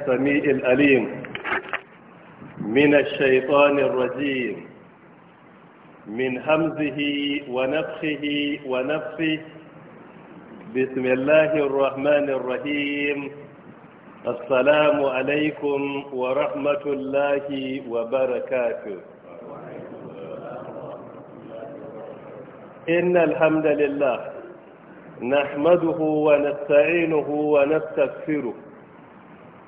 السميع الأليم من الشيطان الرجيم من همزه ونفخه ونفخه بسم الله الرحمن الرحيم السلام عليكم ورحمة الله وبركاته إن الحمد لله نحمده ونستعينه ونستغفره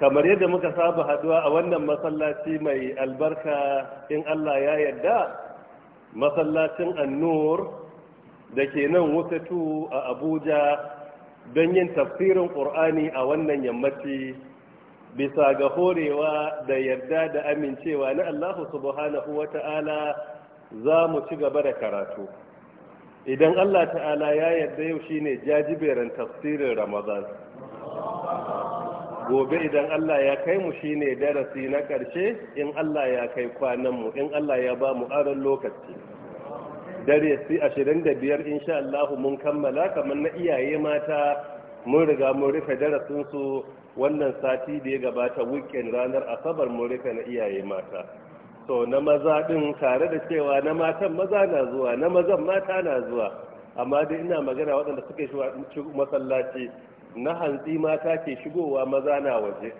kamar yadda muka saba haduwa a wannan masallaci mai albarka in Allah ya yarda masallacin annur da ke nan wutatu a abuja don yin tafsirin ƙur'ani a wannan yammaci bisa ga horewa da yarda da amincewa na allahu subhanahu wa ta'ala za mu ci gaba da karatu idan allah ta'ala ya yarda yau shine jajiberin tafsirin ramadan gobe idan Allah ya kai mu shine darasi na ƙarshe in Allah ya kai kwananmu in Allah ya ba mu aron lokaci dare si biyar insha Allah mun kammala kamar na iyaye mata mun riga mun rufe darasinsu wannan sati da ya gabata weekend ranar asabar mun rufe na iyaye mata so na maza din tare da cewa na matan maza na zuwa na mazan mata na zuwa amma dai ina magana waɗanda suke shi masallaci na hantsi mata ke shigowa maza na waje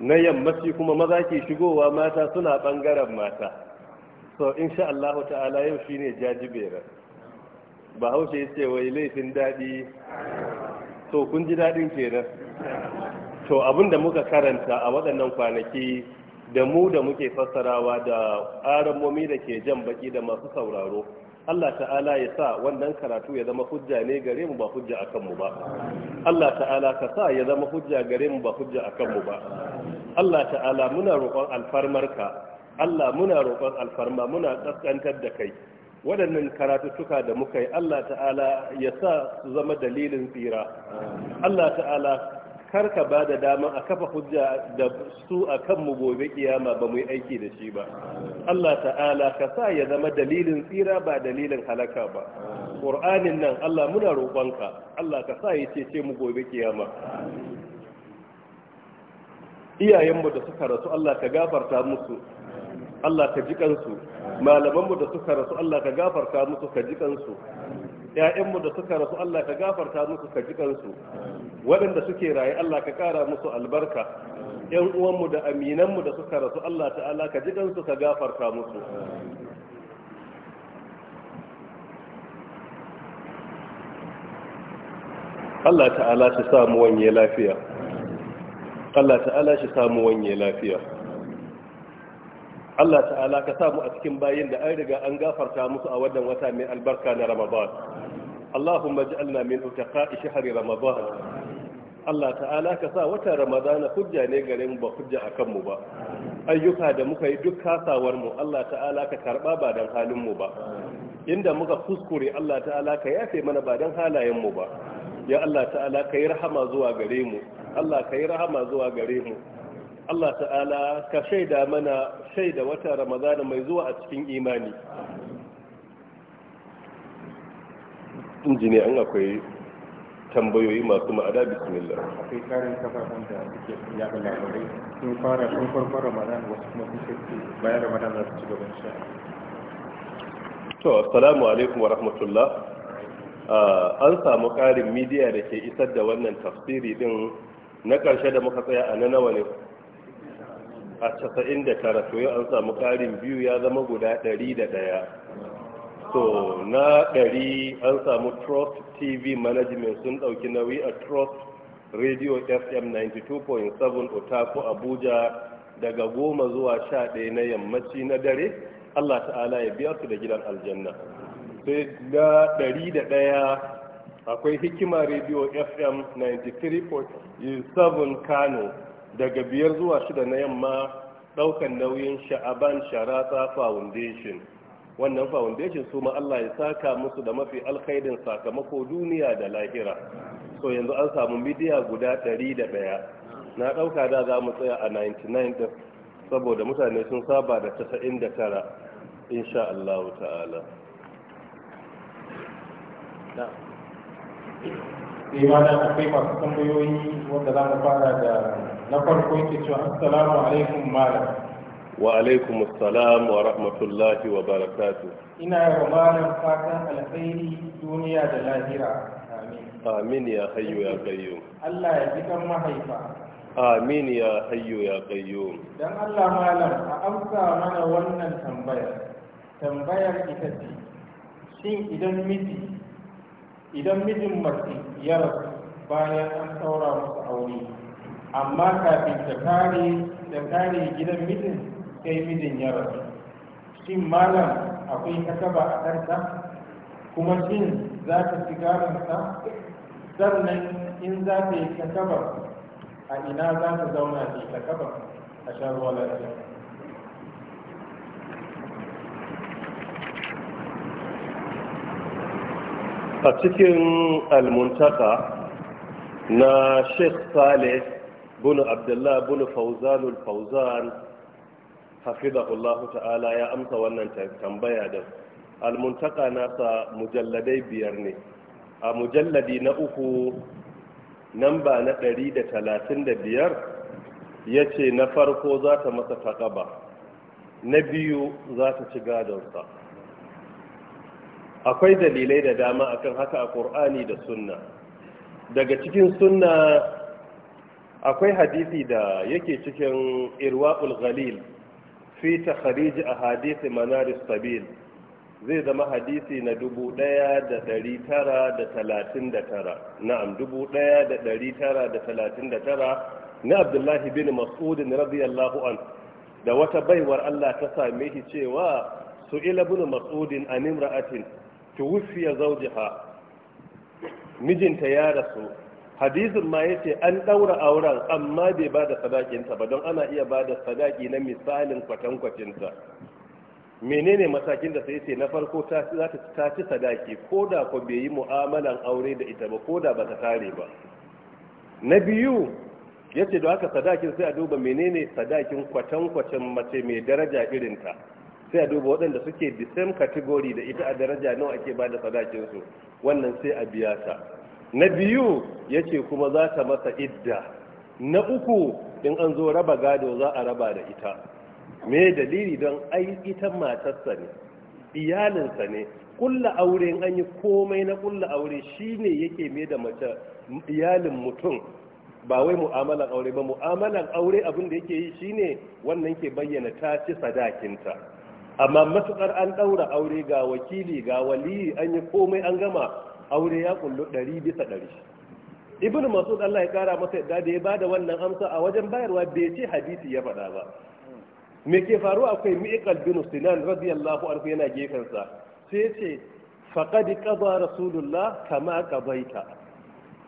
na yammaci kuma maza ke shigowa mata suna bangaren mata so sha Allah ta'ala yau shine jajibera bahaushe ce wai laifin daɗi. to kun ji daɗin kenan to abinda muka karanta a waɗannan kwanaki da mu da muke fassarawa da aramomi da ke jan baki da masu sauraro Allah ta'ala ya sa wannan karatu ya zama hujja ne gare mu ba hujja akan mu ba Allah ta'ala ka sa ya zama hujja gare mu ba hujja akan mu ba Allah ta'ala muna roƙon alfarmarka Allah muna roƙon alfarma muna kaskantar da kai waɗannan karatuttuka da muka yi Allah ta'ala ya sa su zama dalilin tsira Allah ta'ala kar ka ba da dama a kafa hujja da su a kanmu gobe kiyama ba mu yi aiki da shi ba Allah ta'ala ka sa ya zama dalilin tsira ba dalilin halaka ba Qur'anin nan Allah muna roƙonka Allah ka sa ya ce ce mu gobe kiyama iyayenmu da suka rasu Allah ka gafarta musu Allah ka ji kansu mu da suka rasu Allah ka gafarta musu ka ji kansu ‘ya'yanmu da suka rasu Allah ka gafarta musu ka ji kansu waɗanda suke raye Allah ka ƙara musu albarka Ƴan uwanmu da aminanmu da suka rasu Allah ta'ala ka ji kansu ka gafarta musu Allah ta'ala shi samu wanye lafiya Allah ta'ala shi samu wanye lafiya Allah ta'ala ka samu a cikin bayin da an riga an gafarta musu a wannan wata mai albarka na Ramadan Allahumma ij'alna min utaqa'i shahri Ramadan Allah ta'ala ka sa wata Ramadan hujja ne gare mu ba hujja akan mu ba ayyuka da muka yi duk kasawar mu Allah ta'ala ka karba ba dan halin mu ba inda muka kuskure Allah ta'ala ka yafe mana ba dan halayen mu ba ya Allah ta'ala ka yi rahama zuwa gare mu Allah ka yi rahama zuwa gare mu Allah ta'ala ka shaida mana shaida wata ramadana mai zuwa a cikin imani injini an akwai tambayoyi masu ma'ada bismillah akwai karin kafafen da suke yaɗa labarai sun fara sun farkon ramadan wasu kuma sun shirki bayan ramadan za su ci gaban sha to assalamu alaikum wa rahmatullah an samu karin midiya da ke isar da wannan tafsiri din na ƙarshe da muka tsaya a na nawa ne a casa'in da tara to an samu ƙarin biyu ya zama guda ɗari da ɗaya so na ɗari an samu trust tv management sun ɗauki nauyi a trust radio fm 92.7 otaku abuja daga goma zuwa sha ɗaya na yammaci na dare allah ta'ala ya biya su da gidan aljanna sai na ɗari da ɗaya akwai hikima radio fm 93.7 kano daga biyar zuwa shida na yamma daukan nauyin sha'aban sharata foundation wannan foundation su ma Allah ya saka musu da mafi alkhairin sakamako duniya da lahira so yanzu an samu midiya guda ɗari da ɗaya na dauka da za mu tsaya a 99 saboda mutane sun saba da 99 insha Allah ta'ala sai ma da akwai masu tambayoyi wanda za mu fara da na farko yake cewa assalamu alaikum malam wa alaikum assalam wa rahmatullahi wa barakatu. ina wa malam fatan alkhairi duniya da lahira amin amin ya hayyu ya qayyum Allah ya ji kan mahaifa amin ya hayyu ya qayyum dan Allah malam a amsa mana wannan tambayar tambayar ita ce shin idan miji idan mijin mace ya rasu bayan an saura musu aure amma kafin ta kare ta kare gidan mijin sai mijin ya rasu shin malam akwai takaba a kanta kuma shin za ta ci garansa sannan in za ta yi takaba a ina za ta zauna ne takaba a shan ruwa lafiya a cikin almuntaka na sheikh saleh bunu abdullah bunu fauzanul fauzan hafizahullahu ta'ala ya amsa wannan tambaya da almuntaka nasa mujalladai biyar ne a mujalladi na uku namba na ɗari da talatin da biyar ya ce na farko za ta masa taƙaba na biyu za ta ci gadonsa akwai dalilai da dama akan haka a ƙur'ani da sunna daga cikin sunna akwai hadisi da yake cikin irwa'ul ghalil fi a ahadith manar sabil zai zama hadisi na 1939 na'am 1939 na abdullahi bin mas'ud radiyallahu an da wata baiwar Allah ta same shi cewa su'ila bin mas'ud an imra'atin tuwfiya zawjaha mijinta ya rasu hadisin ma ya ce an ɗaura auren amma bai ba da sadakinsa ba don ana iya ba da sadaki na misalin kwatankwacinsa menene matakin da sai ce na farko ta ta ci sadaki ko da ko bai yi mu'amalan aure da ita ba ko da ba ta tare ba na biyu ya ce da haka sadakin sai a duba menene sadakin kwatankwacin mace mai daraja irinta sai a duba waɗanda suke the same category da ita a daraja nawa ake ba da sadakinsu wannan sai a biya ta na biyu ya ce kuma za ta masa idda na uku in an zo raba gado za a raba da ita me dalili don ai ita matarsa ne iyalinsa ne kulla aure an yi komai na kulla aure shine yake me da mace iyalin mutum ba wai mu'amalan aure ba mu'amalan aure abin da yake yi shine wannan ke bayyana ta ci sadakinta amma matuƙar an ɗaura aure ga wakili ga wali an yi komai an gama aure ya kullu ɗari bisa ɗari ibn masud Allah ya kara masa yadda da ya bada wannan amsa a wajen bayarwa bai ce hadisi ya faɗa ba me ke faru akwai mi'qal bin sinan radiyallahu anhu yana gefen sa sai ce faqad qada rasulullah kama qabaita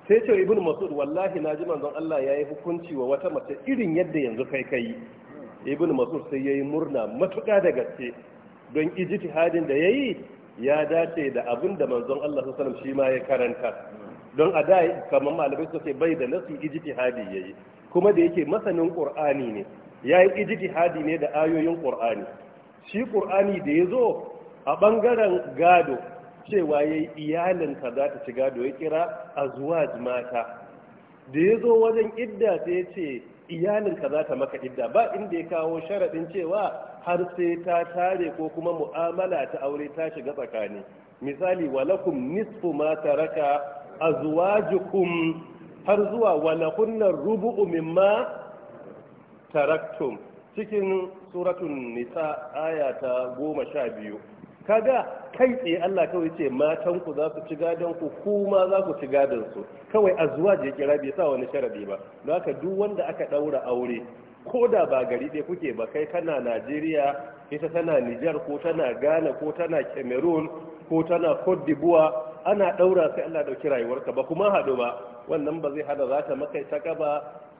sai ce ibn masud wallahi naji manzon Allah yayi hukunci wa wata mace irin yadda yanzu kai kai ibn masud sai yayi murna matuƙa da gaske don ijtihadin da yayi ya dace da abin da manzon Allah sallallahu alaihi shi ma ya karanta don a da kamar malamai su ce bai da nasi ijtihadi yayi kuma da yake masanin qur'ani ne yayi ijtihadi ne da ayoyin qur'ani shi qur'ani da yazo a bangaren gado cewa yayi iyalin ka za ta ci gado ya kira azwaj mata da yazo wajen idda sai ya ce iyalinka za ta maka idda ba inda ya kawo sharaɗin cewa har sai ta tare ko kuma mu'amala ta aure ta shiga tsakani misali walakum nisfu ma taraka azwajukum har zuwa walakunna rubu'u mimma taraktum cikin suratun nisa aya ta goma sha biyu kaga kai tsaye Allah kawai ce matan ku za su ci gadon ku kuma za ku ci gadon su kawai azuwa je kira bai sa wani sharadi ba don haka duk wanda aka daura aure ko da ba gari ɗaya kuke ba kai kana Najeriya ita tana Niger ko tana Ghana ko tana Cameroon ko tana Cote d'Ivoire ana daura sai Allah dauki rayuwarka ba kuma hadu ba wannan ba zai hada za ta makai ta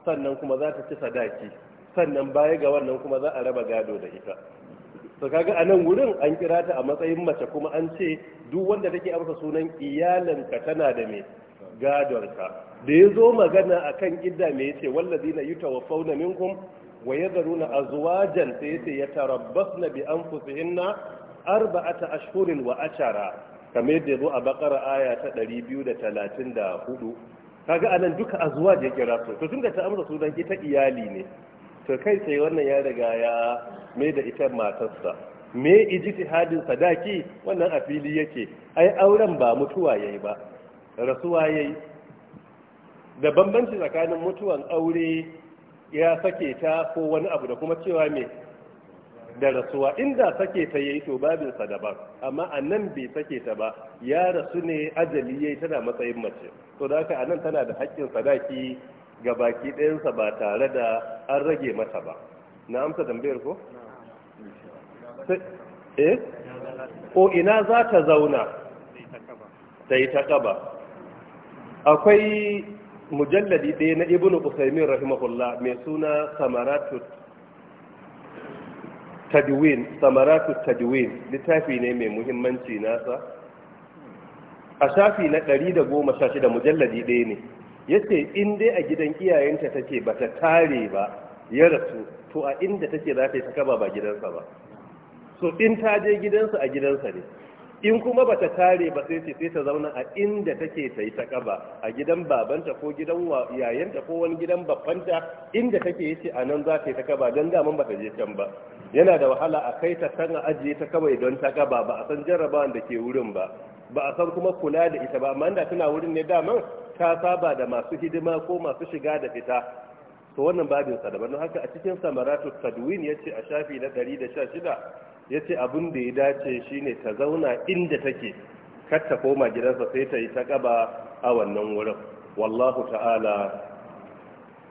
sannan kuma za ta ci sadaki sannan baya ga wannan kuma za a raba gado da ita to kaga a wurin an kira ta a matsayin mace kuma an ce duk wanda take amsa sunan iyalanka tana da me ka da yazo magana akan idda me yace wallazina yutawaffawna minkum wa yadharuna azwajan sai yace yatarabbasna bi anfusihinna arba'ata ashhurin wa ashara kamar yadda zo a bakara aya ta 234 kaga anan duka azwaj ya kira su to tunda ta amsa sunan ita iyali ne to kai sai wannan ya riga ya mai da ita matarsa me hadin sadaki wannan a fili yake ai auren ba mutuwa yayi ba rasuwa yayi da bambanci tsakanin mutuwan aure ya sake ta ko wani abu da kuma cewa me da rasuwa inda sake ta yayi to babinsa daban amma a bai sake ta ba ya rasu ne ajali yayi tana matsayin mace to da haka a tana da haƙƙin sadaki ga baki ɗayansa ba tare da an rage mata ba na amsa tambayar ko? Eh? ko ina za ta zauna ta yi ta akwai mujalladi ɗaya na ibn usaimin rahimahullah mai suna samaratut tadwin tadwin littafi ne mai muhimmanci nasa a shafi na shida mujalladi ɗaya ne yace in dai a gidan iyayenta take bata tare ba ya rasu to a inda take za ta yi takaba ba gidansa ba so in ta je gidansa a gidansa ne in kuma bata tare ba sai ce sai ta zauna a inda take ta yi takaba a gidan babanta ko gidan yayanta ko wani gidan babanta inda take ce a nan za ta yi takaba don daman bata je can ba yana da wahala a kai ta kan ajiye ta kawai don takaba ba a san jarrabawan da ke wurin ba ba a san kuma kula da ita ba amma inda tana wurin ne daman ka saba da masu hidima ko masu shiga da fita to wannan babin sa daban haka a cikin samaratu tadwin yace a shafi na 116 yace abin da ya dace shine ta zauna inda take kar ta koma gidansa sai ta yi ta kaba a wannan wurin wallahu ta'ala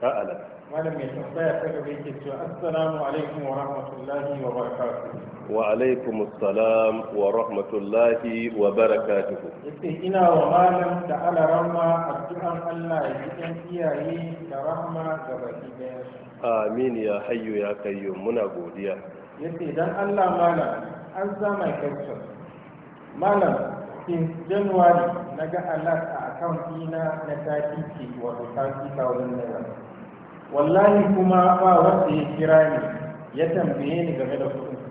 ta'ala malam mai tambaya ta a yake cewa assalamu alaikum wa rahmatullahi wa barakatuh wa alaikum assalam wa rahmatullahi wa barakatuh yace ina wa malam da ala rahma addu'an Allah ya ji iyaye da rahma ga baki daya amin ya ya godiya yace dan Allah malam an zama kyautar malam since january na ga alert a account ɗina na 30 wato wallahi kuma ba wanda ya kira ni ya tambaye ni game da kuɗin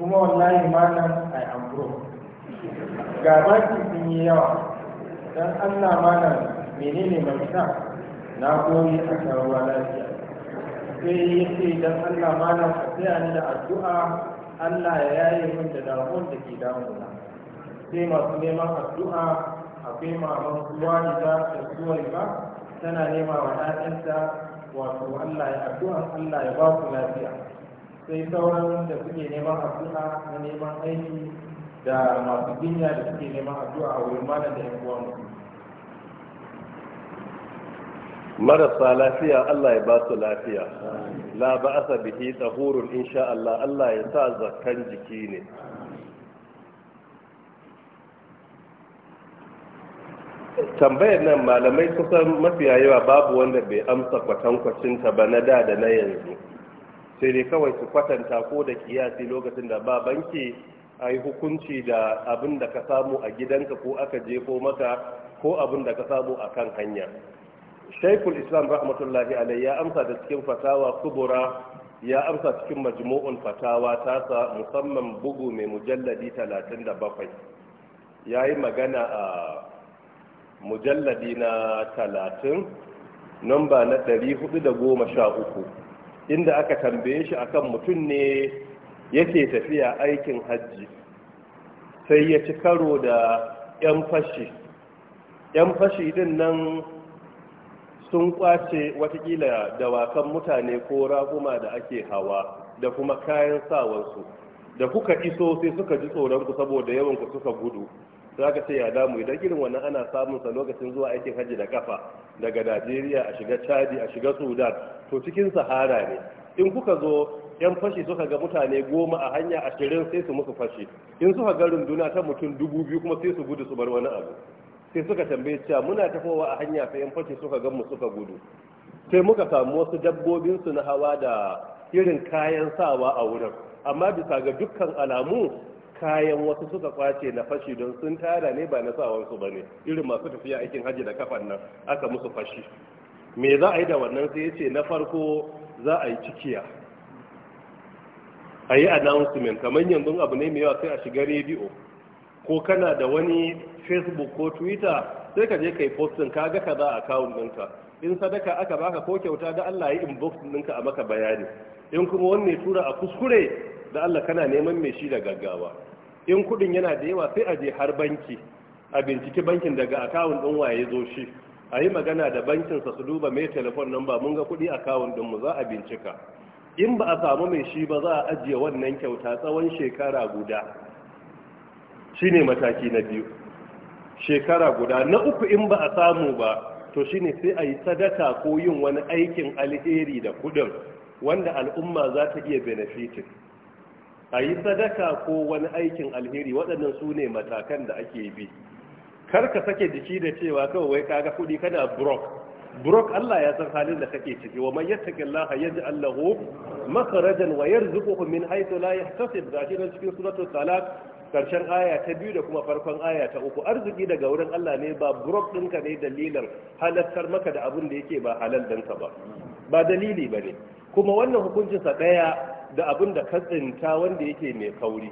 kuma wallahi malam i am broke ga ki sun yi yawa dan Allah malam menene mafita na koyi a ruwa lafiya sai ya ce dan Allah malam a tsaya ni da addu'a Allah ya yaye min da damuwar da ke damuna sai masu neman addu'a akwai maman suwa da ta suwa ba tana nema wa 'ya'yanta wato Allah ya addu'a Allah ya ba ku lafiya sai sauran da suke neman addu'a na neman aiki da masu jinya da suke neman addu'a a wurin malam da yan uwa marasa lafiya Allah ya ba su lafiya la ba'asa bihi tahurun insha Allah Allah ya sa zakkan jiki ne tambayar nan malamai kusan mafiya yawa babu wanda bai amsa kwatankwacin ta ba na da da na yanzu sai dai kawai su kwatanta ko da kiyasi lokacin da ba banki a yi hukunci da abin da ka samu a gidanka ko aka jefo maka ko abin da ka samu a kan hanya shaikul islam rahmatullahi alai ya amsa da cikin fatawa kubura ya amsa cikin majmu'un fatawa tasa musamman bugu mai mujalladi 37 ya yi magana a mujalladi na talatin namba na ɗari hudu da goma sha uku inda aka tambaye shi a kan mutum ne yake tafiya aikin hajji sai ya ci karo da 'yan fashi 'yan fashi din nan sun kwace watakila dawakan mutane ko raguma da ake hawa da kuma kayan sawansu da kuka iso sai suka ji tsoronku saboda yawanku suka gudu za ka ce ya damu idan irin wannan ana samun sa lokacin zuwa aikin hajji da kafa daga najeriya a shiga chadi a shiga sudan to cikin sahara ne in kuka zo yan fashi suka ga mutane goma a hanya ashirin sai su musu fashi in suka ga runduna ta mutum dubu biyu kuma sai su gudu su bar wani abu sai suka tambaye cewa muna tafowa a hanya sai yan fashi suka ga mu suka gudu sai muka samu wasu dabbobin su na hawa da irin kayan sawa a wurin amma bisa ga dukkan alamu kayan wasu suka kwace na fashi don sun tara ne ba na sawansu ba ne irin masu tafiya aikin hajji da kafan nan aka musu fashi me za a yi da wannan sai ya ce na farko za a yi cikiya a yi announcement kamar yanzu abu ne mai yawa sai a shiga rediyo ko kana da wani facebook ko twitter sai ka je ka yi postin ka ga ka za a kawo ɗinka in sadaka aka baka ko kyauta da Allah ya inbox ɗinka a maka bayani in kuma wani tura a kuskure da Allah kana neman mai shi da gaggawa in kudin yana da yawa sai a je har banki a binciki bankin daga akawun ɗin waye zo shi a yi magana da bankinsa su duba mai telefon nan ba mun ga kuɗi akawun ɗinmu za a bincika in ba a samu mai shi ba za a ajiye wannan kyauta tsawon shekara guda Shi ne mataki na biyu shekara guda na uku in ba a samu ba to shine sai a yi sadaka ko yin wani aikin alheri da kudin wanda al'umma za ta iya benefitin a yi sadaka ko wani aikin alheri waɗannan su ne matakan da ake bi kar ka sake jiki da cewa kawai wai kaga kuɗi kana brok brok Allah ya san halin da kake ciki wa man allah yaj'al lahu makhrajan wa yarzuquhu min haythu la yahtasib gashi nan cikin suratul talaq karshen aya ta biyu da kuma farkon aya ta uku arziki daga wurin Allah ne ba brok ɗinka ne dalilin halattar maka da abin da yake ba halal ɗinka ba ba dalili bane kuma wannan hukuncinsa ɗaya da abin da katsinta wanda yake mai kauri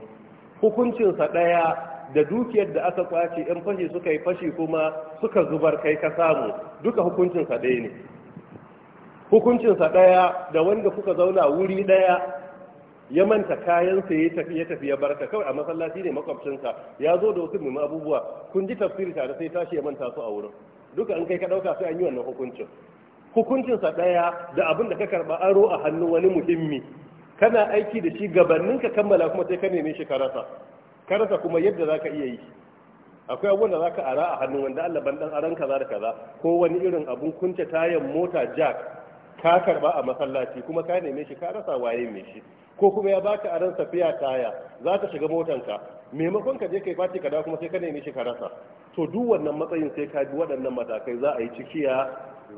hukuncinsa ɗaya da dukiyar da aka kwace in fashi suka yi fashi kuma suka zubar kai ka samu duka hukuncinsa ɗaya ne hukuncinsa ɗaya da wanda kuka zauna wuri ɗaya ya manta kayansa ya tafi ya tafi ya barka kawai a masallaci ne makwabcinsa ya zo da wasu muhimman abubuwa kun ji tafsiri tare sai tashi ya manta su a wurin duka in kai ka ɗauka sai an yi wannan hukuncin hukuncinsa ɗaya da abin da ka karɓa aro a hannun wani muhimmi kana aiki da shi gabanin ka kammala kuma sai ka neme shi karasa karasa kuma yadda zaka iya yi akwai abubuwan da zaka ara a hannun wanda Allah ban dan aran kaza da kaza ko wani irin abun kunce tayan mota jack ka karba a masallaci kuma ka neme shi ka waye mai shi ko kuma ya baka aran safiya taya za ka shiga ka maimakon ka je kai fati ka dawo kuma sai ka neme shi ka to duk wannan matsayin sai ka bi waɗannan matakai za a yi cikiya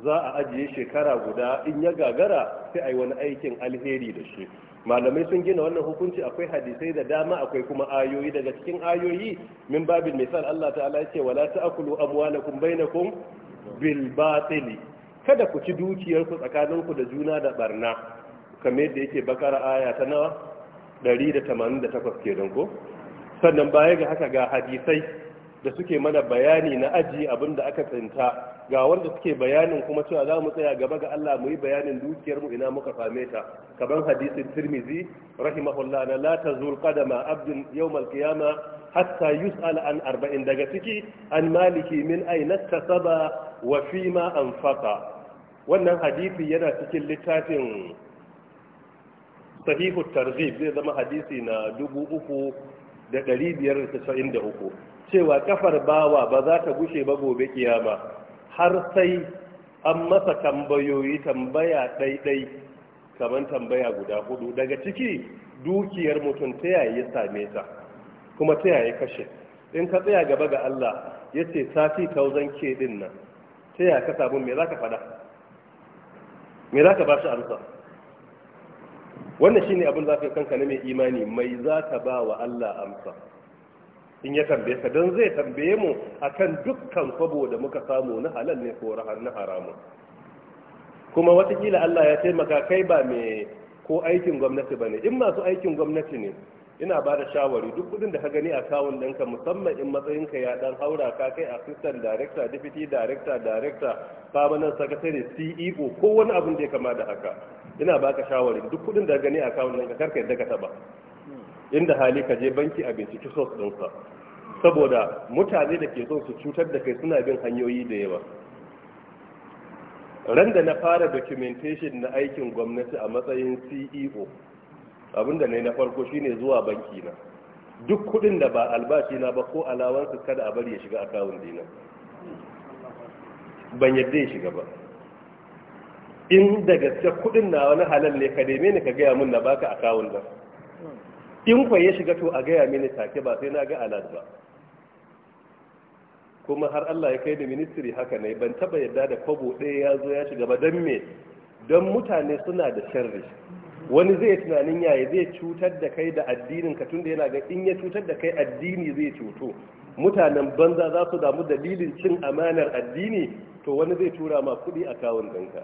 za a ajiye shekara guda in ya gagara sai a yi wani aikin alheri da shi malamai sun gina wannan hukunci akwai hadisai da dama akwai kuma ayoyi daga cikin ayoyi min babin misal Allah ta'ala ya ce wala ta'kulu amwalakum bainakum bil batil kada ku ci dukiyar ku tsakanin ku da juna da barna kamar yadda yake bakara aya ta nawa 188 kenan ko sannan baya ga haka ga hadisai da suke mana bayani na aji abin da aka tsinta ga wanda suke bayanin kuma cewa za mu tsaya gaba ga Allah mu yi bayanin dukiyarmu ina muka same ta kaban hadisin Tirmizi rahimahullah na la tazul qadama abdin yawm al hatta yus'al an arba'in daga ciki an maliki min aina tasaba wa fima anfaqa wannan hadisi yana cikin littafin sahihu targhib zai zama hadisi na dubu uku da 593 cewa kafar bawa ba za ta gushe ba gobe kiyama har sai an masa tambayoyi tambaya ɗaiɗai kamar tambaya guda hudu daga ciki dukiyar mutum ta yaya ya same ta kuma ta yaya kashe in ka tsaya gaba ga Allah ya ce sati tauzan ke din nan ta yaya ka samu me za ka fada me za ka ba shi amsa wannan shine abin zaka ka kanka na mai imani mai zaka ba wa Allah amsa in ya tambaye ka don zai tambaye mu akan dukkan kwabo da muka samu na halal ne ko na haramun kuma watakila Allah ya taimaka kai ba mai ko aikin gwamnati ba ne in masu aikin gwamnati ne ina ba da shawari duk kudin da ka gani a kawun ɗanka musamman in matsayinka ya ɗan haura ka kai assistant director deputy director director permanent secretary ceo ko wani abin da ya kama da haka ina baka shawari duk kudin da gani a kawun nan ka karka yadda ka taba inda hali ka je banki a binciki sos ɗinsa saboda mutane da ke son su cutar da kai suna bin hanyoyi da yawa Randa na fara documentation na aikin gwamnati a matsayin ceo abinda ne na farko shine zuwa banki na duk kudin da ba albashi na ba ko alawansu kada a bari ya shiga akawun dina ban yadda ya shiga ba in da gaske kudin na wani halal ne ka neme ni ka gaya min na baka akawun nan in kwa ya shiga to a gaya mini take ba sai na ga alad ba kuma har Allah ya kai da ministry haka ne ban taba yadda da kwabo ɗaya ya zo ya shiga ba don me don mutane suna da sharri wani zai tunanin yayi zai cutar da kai da addinin ka tunda yana ga in ya cutar da kai addini zai cuto mutanen banza za su damu dalilin cin amanar addini to wani zai tura ma kuɗi a kawun ɗinka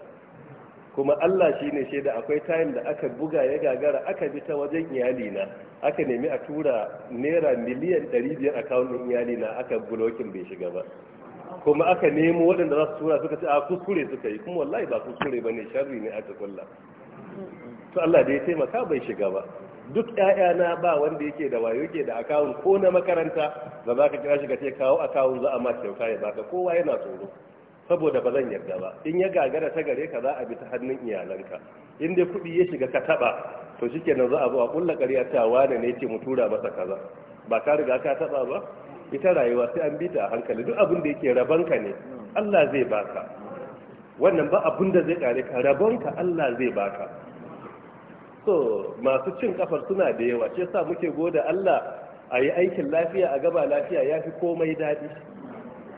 kuma Allah shi ne shaida akwai tayin da aka buga ya gagara aka bi ta wajen iyalina aka nemi a tura naira miliyan 500 a kawunin iyalina aka bulokin bai shiga ba kuma aka nemo waɗanda za su tura suka ce a kuskure suka yi kuma wallahi ba kuskure ba ne sharri ne aka kulla to Allah da ya taimaka bai shiga ba duk na ba wanda yake da wayo yake da akawun ko na makaranta ba za ka kira shi ka ce kawo akawun za a ma kyauta ya baka kowa yana tsoro saboda ba zan yarda ba in ya gagara ta gare ka za a bi ta hannun iyalanka in dai kuɗi ya shiga ka taɓa to shikenan za a zo a ƙulla ƙarya ta wane ne ce mu tura masa kaza ba ka riga ka taɓa ba ita rayuwa sai an bita ta a hankali duk abin da yake ka ne Allah zai baka wannan ba abin da zai kare ka ka Allah zai baka so masu cin kafar suna da yawa shi yasa muke goda Allah a yi aikin lafiya a gaba lafiya ya fi komai daɗi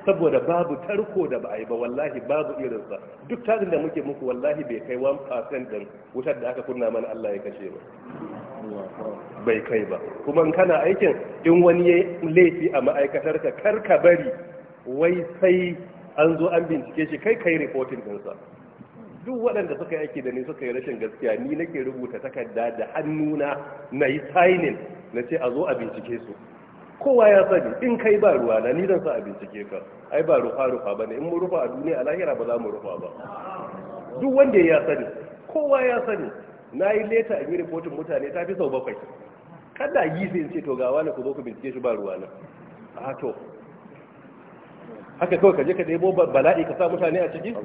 saboda babu tarko da ba a yi ba wallahi babu irinsa duk tarin da muke muku wallahi bai kai 1% din wutar da aka kunna mana Allah ya kashe ba bai kai ba kuma kana aikin in wani ya laifi a ma'aikatar ka kar ka bari wai sai an zo an bincike shi kai kai reporting sa duk waɗanda suka yi aiki da ni suka yi rashin gaskiya ni nake rubuta takarda da hannuna na yi signing na ce a zo a bincike su kowa ya sani in kai ba ruwa na ni zan sa a bincike ka ai ba rufa rufa bane in mu rufa a duniya a lahira ba za mu rufa ba duk wanda ya sani kowa ya sani na yi leta a yi reportin mutane ta fi sau bakwai kada yi sai ce to gawa na ku zo ku bincike shi ba ruwa na a to haka kawai ka je ka ɗebo bala'i ka sa mutane a ciki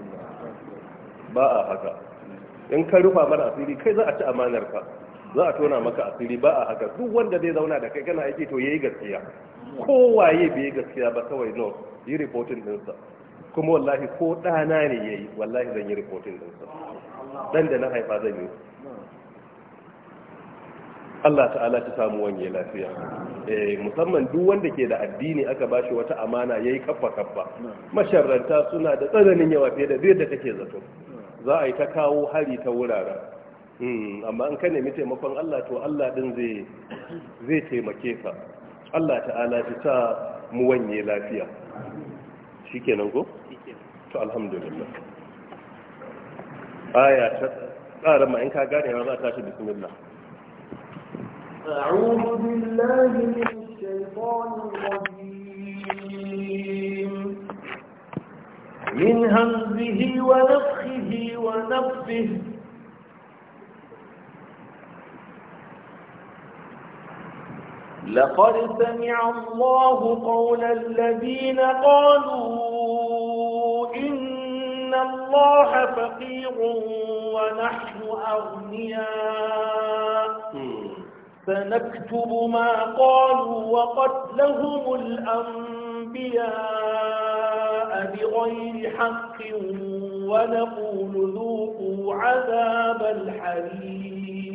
ba a haka in ka rufa mana asiri kai za a ci amanar ka za a tona maka asiri ba a haka duk wanda zai zauna da kai kana aiki to yayi gaskiya kowaye bai yi gaskiya ba kawai no yi reporting dinsa kuma wallahi ko ɗana ne yayi wallahi zan yi reporting dinsa dan da na haifa zan yi Allah ta'ala ta samu wanye lafiya eh musamman duk wanda ke da addini aka ba shi wata amana yayi kaffa kaffa masharranta suna da tsananin yawa fiye da da kake zato za a yi ta kawo hari ta wuraren Hmm. amma an ka nemi taimakon Allah to Allah din zai taimake ka Allah ta'ala shi sa mu wanye lafiya shikenan ko to alhamdulillah aya ta tsara ma in ka gane ma za ta shi bismillah أعوذ بالله من الشيطان wa من همزه wa ونفسه لقد سمع الله قول الذين قالوا إن الله فقير ونحن أغنياء سنكتب ما قالوا وقتلهم الأنبياء بغير حق ونقول ذوقوا عذاب الحريق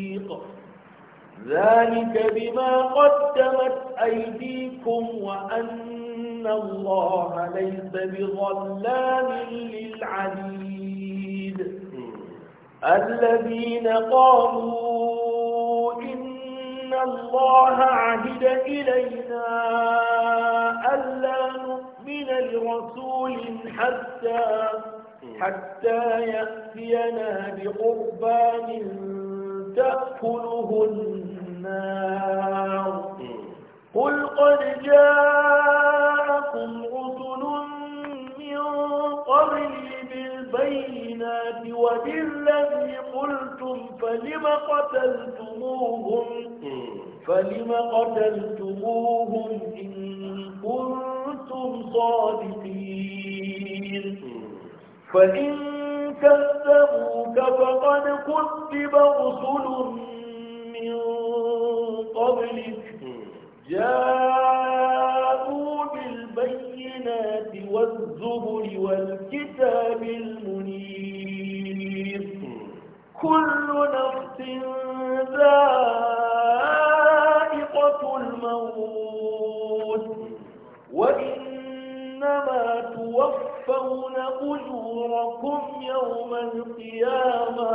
ذلك بما قدمت أيديكم وأن الله ليس بظلام للعبيد الذين قالوا إن الله عهد إلينا ألا نؤمن لرسول حتى حتى يأتينا بقربان تأكله النار قل قد جاءكم رسل من قبلي بالبينات وبالذي قلتم فلم قتلتموهم فلم قتلتموهم إن كنتم صادقين فإن كذبوك فقد كذب رسل من قبلك جاءوا بالبينات والزبر والكتاب المنير كل نفس ذائقة الموت وإن إنما توفون أجوركم يوم القيامة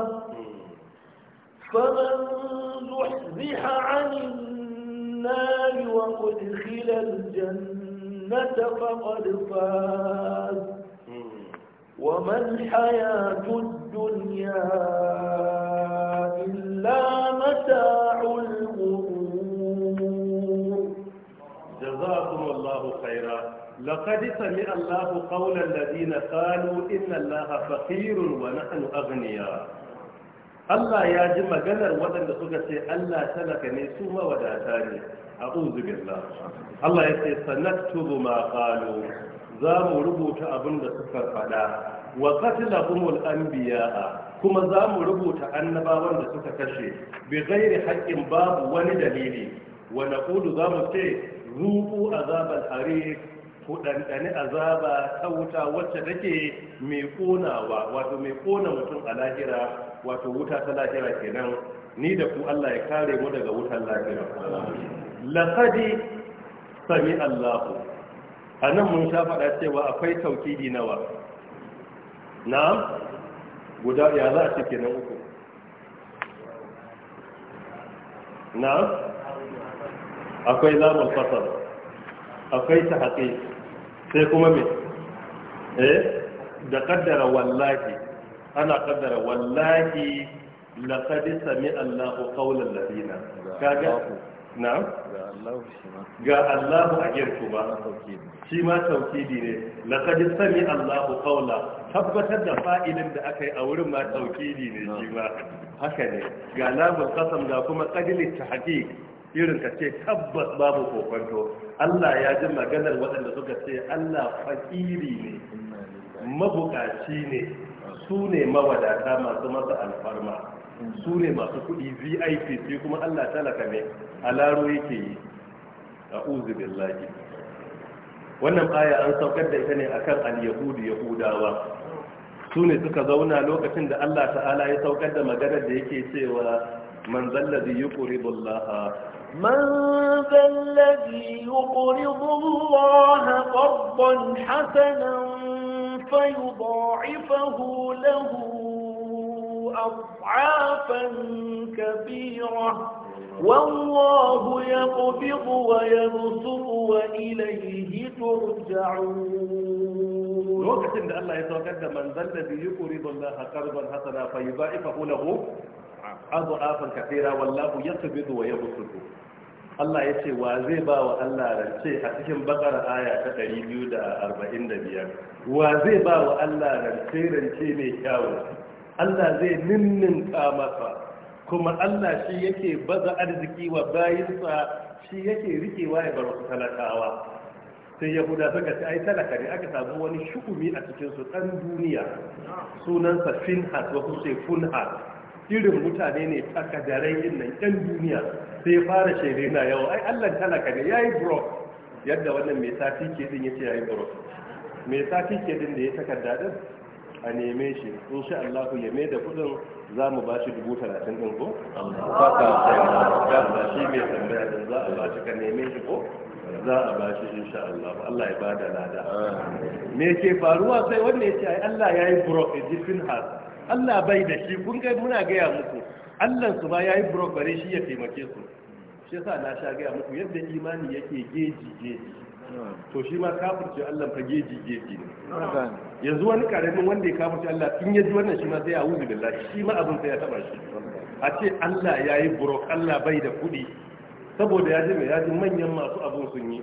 فمن زحزح عن النار وأدخل الجنة فقد فاز وما الحياة الدنيا إلا متاع الغرور جزاكم الله خيرا لقد سمع الله قول الذين inna إن الله فقير ونحن أغنياء Allah ya ji maganar waɗanda suka ce Allah talaka ne su mawadata ne a billah Allah ya ce sanattubu ma qalu za mu rubuta abin suka faɗa wa qatlahumul anbiya'a kuma za mu rubuta annabawan da suka kashe bi ghairi babu wani dalili wa naqulu za mu ce zuqu azabal hariq ku ɗanɗani azaba ta wuta wacce take mai ƙonawa wato mai ƙona mutum a lahira wato wuta ta lahira kenan ni da ku Allah ya kare mu daga wutan lahira laqadi sami Allahu anan mun sha faɗa cewa akwai taukidi nawa na'am guda ya za a cike nan uku na'am akwai lamul fasal akwai haƙiƙa sai kuma me eh da kaddara wallahi ana kaddara wallahi laqad sami Allahu qawlan ladina kaga na'am ga Allahu a girku ba shi ma tawkidi ne laqad sami Allahu qawla tabbatar da fa'ilin da aka yi a wurin ma tawkidi ne shi ma haka ne ga lamul qasam ga kuma qadil tahqiq irin ka ce tabbas babu kokonto Allah ya ji maganar waɗanda suka ce Allah fakiri ne mabukaci ne su ne mawadata masu masa alfarma su ne masu kuɗi vip sai kuma Allah talaka ne a laro yake yi a billahi wannan aya an saukar da ita ne akan al-yahudu yahudawa su ne suka zauna lokacin da Allah ta'ala ya saukar da maganar da yake cewa من ذا الذي يقرض الله من ذا الذي يقرض الله قرضا حسنا فيضاعفه له أضعافا كبيرة والله يقبض ويبسط وإليه ترجعون وقت إن الله يتوقع من ذا الذي يقرض الله قرضا حسنا فيضاعفه له adu'afan kafira wallahu yaqbidu wa yabsutu Allah ya ce wa zai ba wa Allah rance a cikin bakara aya ta 245 wa zai ba wa Allah rance rance mai kyawu Allah zai ninninka masa kuma Allah shi yake baza arziki wa bayinsa shi yake rikewa ya bar wasu talakawa sai yahuda suka ce ai talaka ne aka samu wani shukumi a cikin su dan duniya sunansa finhas wasu ce funhas irin mutane ne takadarai yin nan yan duniya sai fara shaidai na yawa ai allah talaka ne ya yi burok. yadda wannan mai sati ke din ya ce ya yi burok. mai sati ke din da ya takarda a neme shi in sha Allah ya mai da kudin za mu ba shi dubu talatin din ko? Faka ya ba shi mai tambaya din za a ba shi ka neme shi ko? Za a ba shi in sha Allah Allah ya ba da lada. Me ke faruwa sai wanda ya ce ai Allah ya yi burok a jifin hasa. Allah bai da shi kun ga muna gaya muku Allah su ba yayi burok bare shi ya taimake su shi yasa na sha gaya muku yadda imani yake geji geji to shi ma kafirci Allah fa geji geji ne yanzu wani karamin wanda ya kafirci Allah in ya ji wannan shi ma sai ya wuzu billahi shi ma abin sai ya taba shi a ce Allah yayi burok Allah bai da kuɗi saboda ya ji mai ya ji manyan masu abun sun yi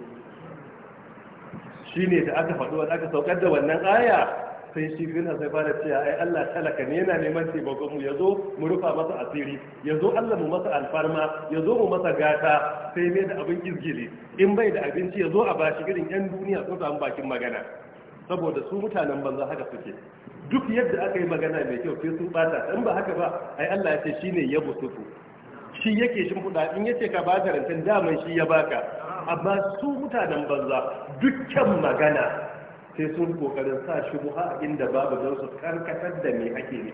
shine da aka faɗo aka saukar da wannan aya sai shi na sai fara cewa ai Allah talaka ne yana neman taimakon mu yazo mu rufa masa asiri yazo Allah mu masa alfarma yazo mu masa gata sai mai da abin izgile in bai da abinci yazo a bashi irin yan duniya sun samu bakin magana saboda su mutanen banza haka suke duk yadda aka yi magana mai kyau sai sun bata in ba haka ba ai Allah ya ce shine ya busufu shi yake shimfiɗa in yace ka ba garantin daman shi ya baka amma su mutanen banza dukkan magana sai sun kokarin sa shi buha inda babu don su karkatar da mai ake ne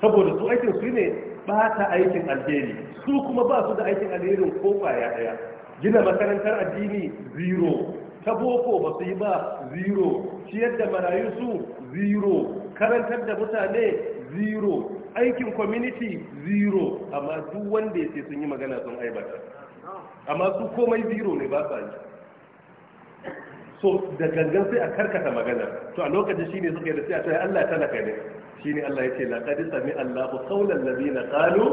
saboda su aikin su ne ba ta aikin alheri su kuma ba su da aikin alherin ko kwaya daya gina makarantar addini zero ta boko ba su yi ba zero ciyar da marayu su zero karantar da mutane zero aikin community zero amma duk wanda ya ce sun yi magana sun aibata amma su komai zero ne ba sa yi so da gangan sai a karkata magana to a lokacin shine suka yi da sai a ce Allah talaka ne shine Allah yake laqad sami Allahu qawlan ladina qalu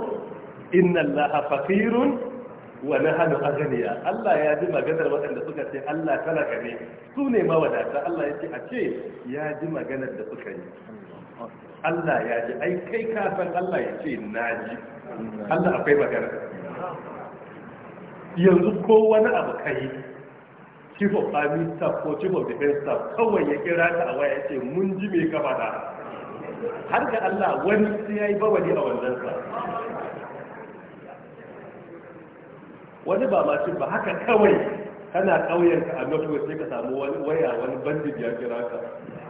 inna Allaha faqirun wa nahnu aghniya Allah ya ji maganar waɗanda suka ce Allah talaka ne su ne mawadata Allah yake a ce ya ji maganar da suka yi Allah ya ji ai kai ka san Allah ya ce na ji Allah akwai magana yanzu ko wani abu kai chief of army staff ko chief of defense staff kawai ya kira ta a waya ya ce mun ji mai ka faɗa har ga Allah wani sai ya yi bawali a wannan sa, wani ba mashin ba haka kawai kana ƙauyenka a mafi sai ka samu wani waya wani bandit ya kira ka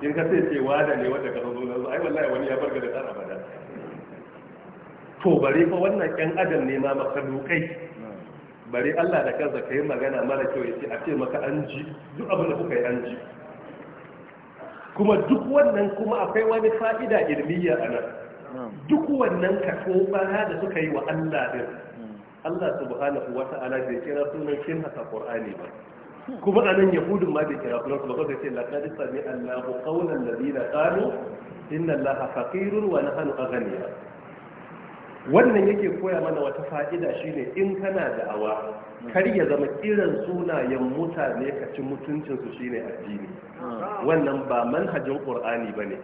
in ka sai ce wada ne wanda ka zo nan ai wallahi wani ya barga da tsara bada to bare fa wannan ƴan adam ne ma makalukai bari Allah da kansa kai magana mara kyau yace a ce maka an ji duk abin da kuka yi an ji kuma duk wannan kuma akwai wani fa'ida ilmiya a nan duk wannan kaso bana da suka yi wa Allah din hmm. Allah subhanahu wa ta'ala bai kira sunan kin haka Qur'ani ba kuma anan yahudun ma bai kira sunan ba sai laqad sami Allahu qawlan ladina qalu inna Allaha faqirun wa nahnu aghniya wannan yake koya mana wata fa'ida shine in kana da'awa kar ya zama irin sunayen mutane ka ci mutuncinsu shine addini wannan ba manhajin qur'ani bane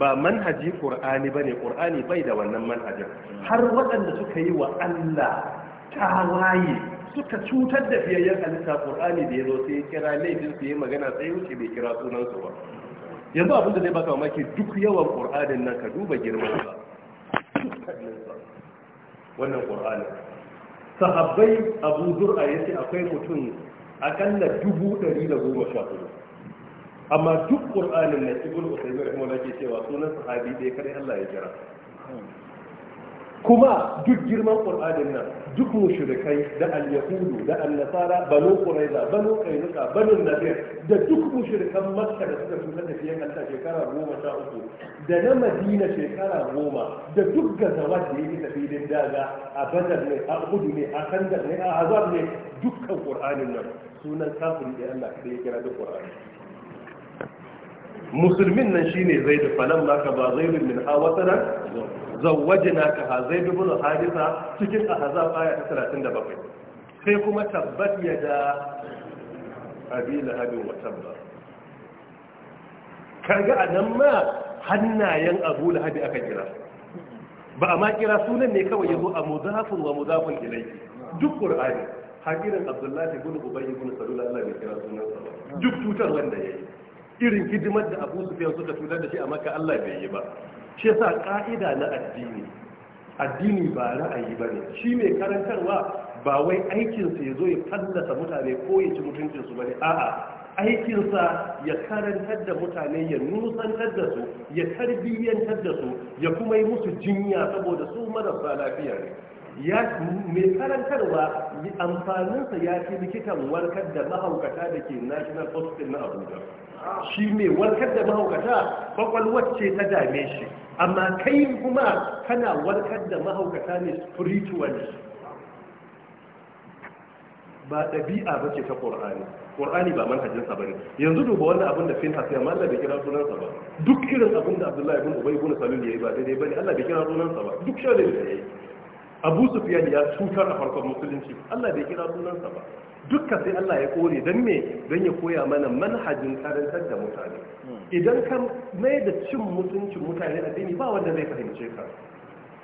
ba manhaji qur'ani bane qur'ani bai da wannan manhajin har waɗanda suka yi wa Allah tawaye suka cutar da fiyayyen halitta qur'ani da zo sai kira laifin su yi magana sai wuce bai kira sunansu ba yanzu abinda zai baka mamaki duk yawan qur'anin nan ka duba girman ba kaɗinsa wannan ƙur'ani sahabbai abu zur'a ya ce akwai mutum akalla dubu ɗari da goma sha hudu amma duk ƙur'anin na ibn usaimin rahimahullah ke cewa sunan sahabi ɗaya kare Allah ya jira kuma duk girman ƙur'anin nan duk mushrikai da al-yahudu da al-nasara banu quraiza banu qainuka banu nadir da duk mushrikan makka da suka tuka tafiyan Allah shekara goma sha uku da na madina shekara goma da duk gazawat da yake tafilin daga a badar ne a udu ne a kandar ne a azab ne dukkan ƙur'anin nan sunan kafin da Allah kada ya kira duk qur'ani musulmin nan shine zaidu falan ma ka ba zaidu min ha wasanan zawwajna ka ha zaidu bin hadisa cikin a ahzab aya ta talatin da bakwai. sai kuma tabbat ya da abi watan ba? tabba kaga anan ma hannayen abu lahab aka kira ba a ma kira sunan ne kawai yazo a mudafun wa mudafun ilaiki. duk ƙur'ani, hakirin abdullahi ibn ubay ibn salul Allah bai kira sunan sa duk tutar wanda ya yi. irin hidimar da abu sufiyan suka cutar da shi a maka allah bai yi ba shi yasa ka'ida na addini addini ba ra'ayi ba ne shi mai karantarwa ba wai aikinsa ya zo ya fallasa mutane ko ya ci mutuncinsu ba ne a'a aikinsa ya karantar da mutane ya nusantar da su ya tarbiyyantar da su ya kuma yi musu jinya saboda su marasa lafiya ne ya mai karantarwa amfaninsa ya fi likitan warkar da mahaukata da ke national hospital na abuja shi mai warkar da mahaukata kwakwalwar ce ta dame shi amma kai kuma kana warkar da mahaukata ne spiritual ba ɗabi'a ba ce ta ƙor'ani ƙor'ani ba manhajinsa ba ne yanzu duba wannan abin da fin hasiya amma Allah bai kira sunansa ba duk irin abin da abdullahi ibn ubay ibn salul yayi ba daidai ba ne Allah bai kira sunansa ba duk shawarar da yi. abu sufiyan ya cutar a farkon musulunci allah bai kira sunansa ba dukka sai allah ya kore don me don ya koya mana manhajin karantar da mutane hmm. idan ka mai da cin mutuncin mutane addini ba wanda zai fahimce ka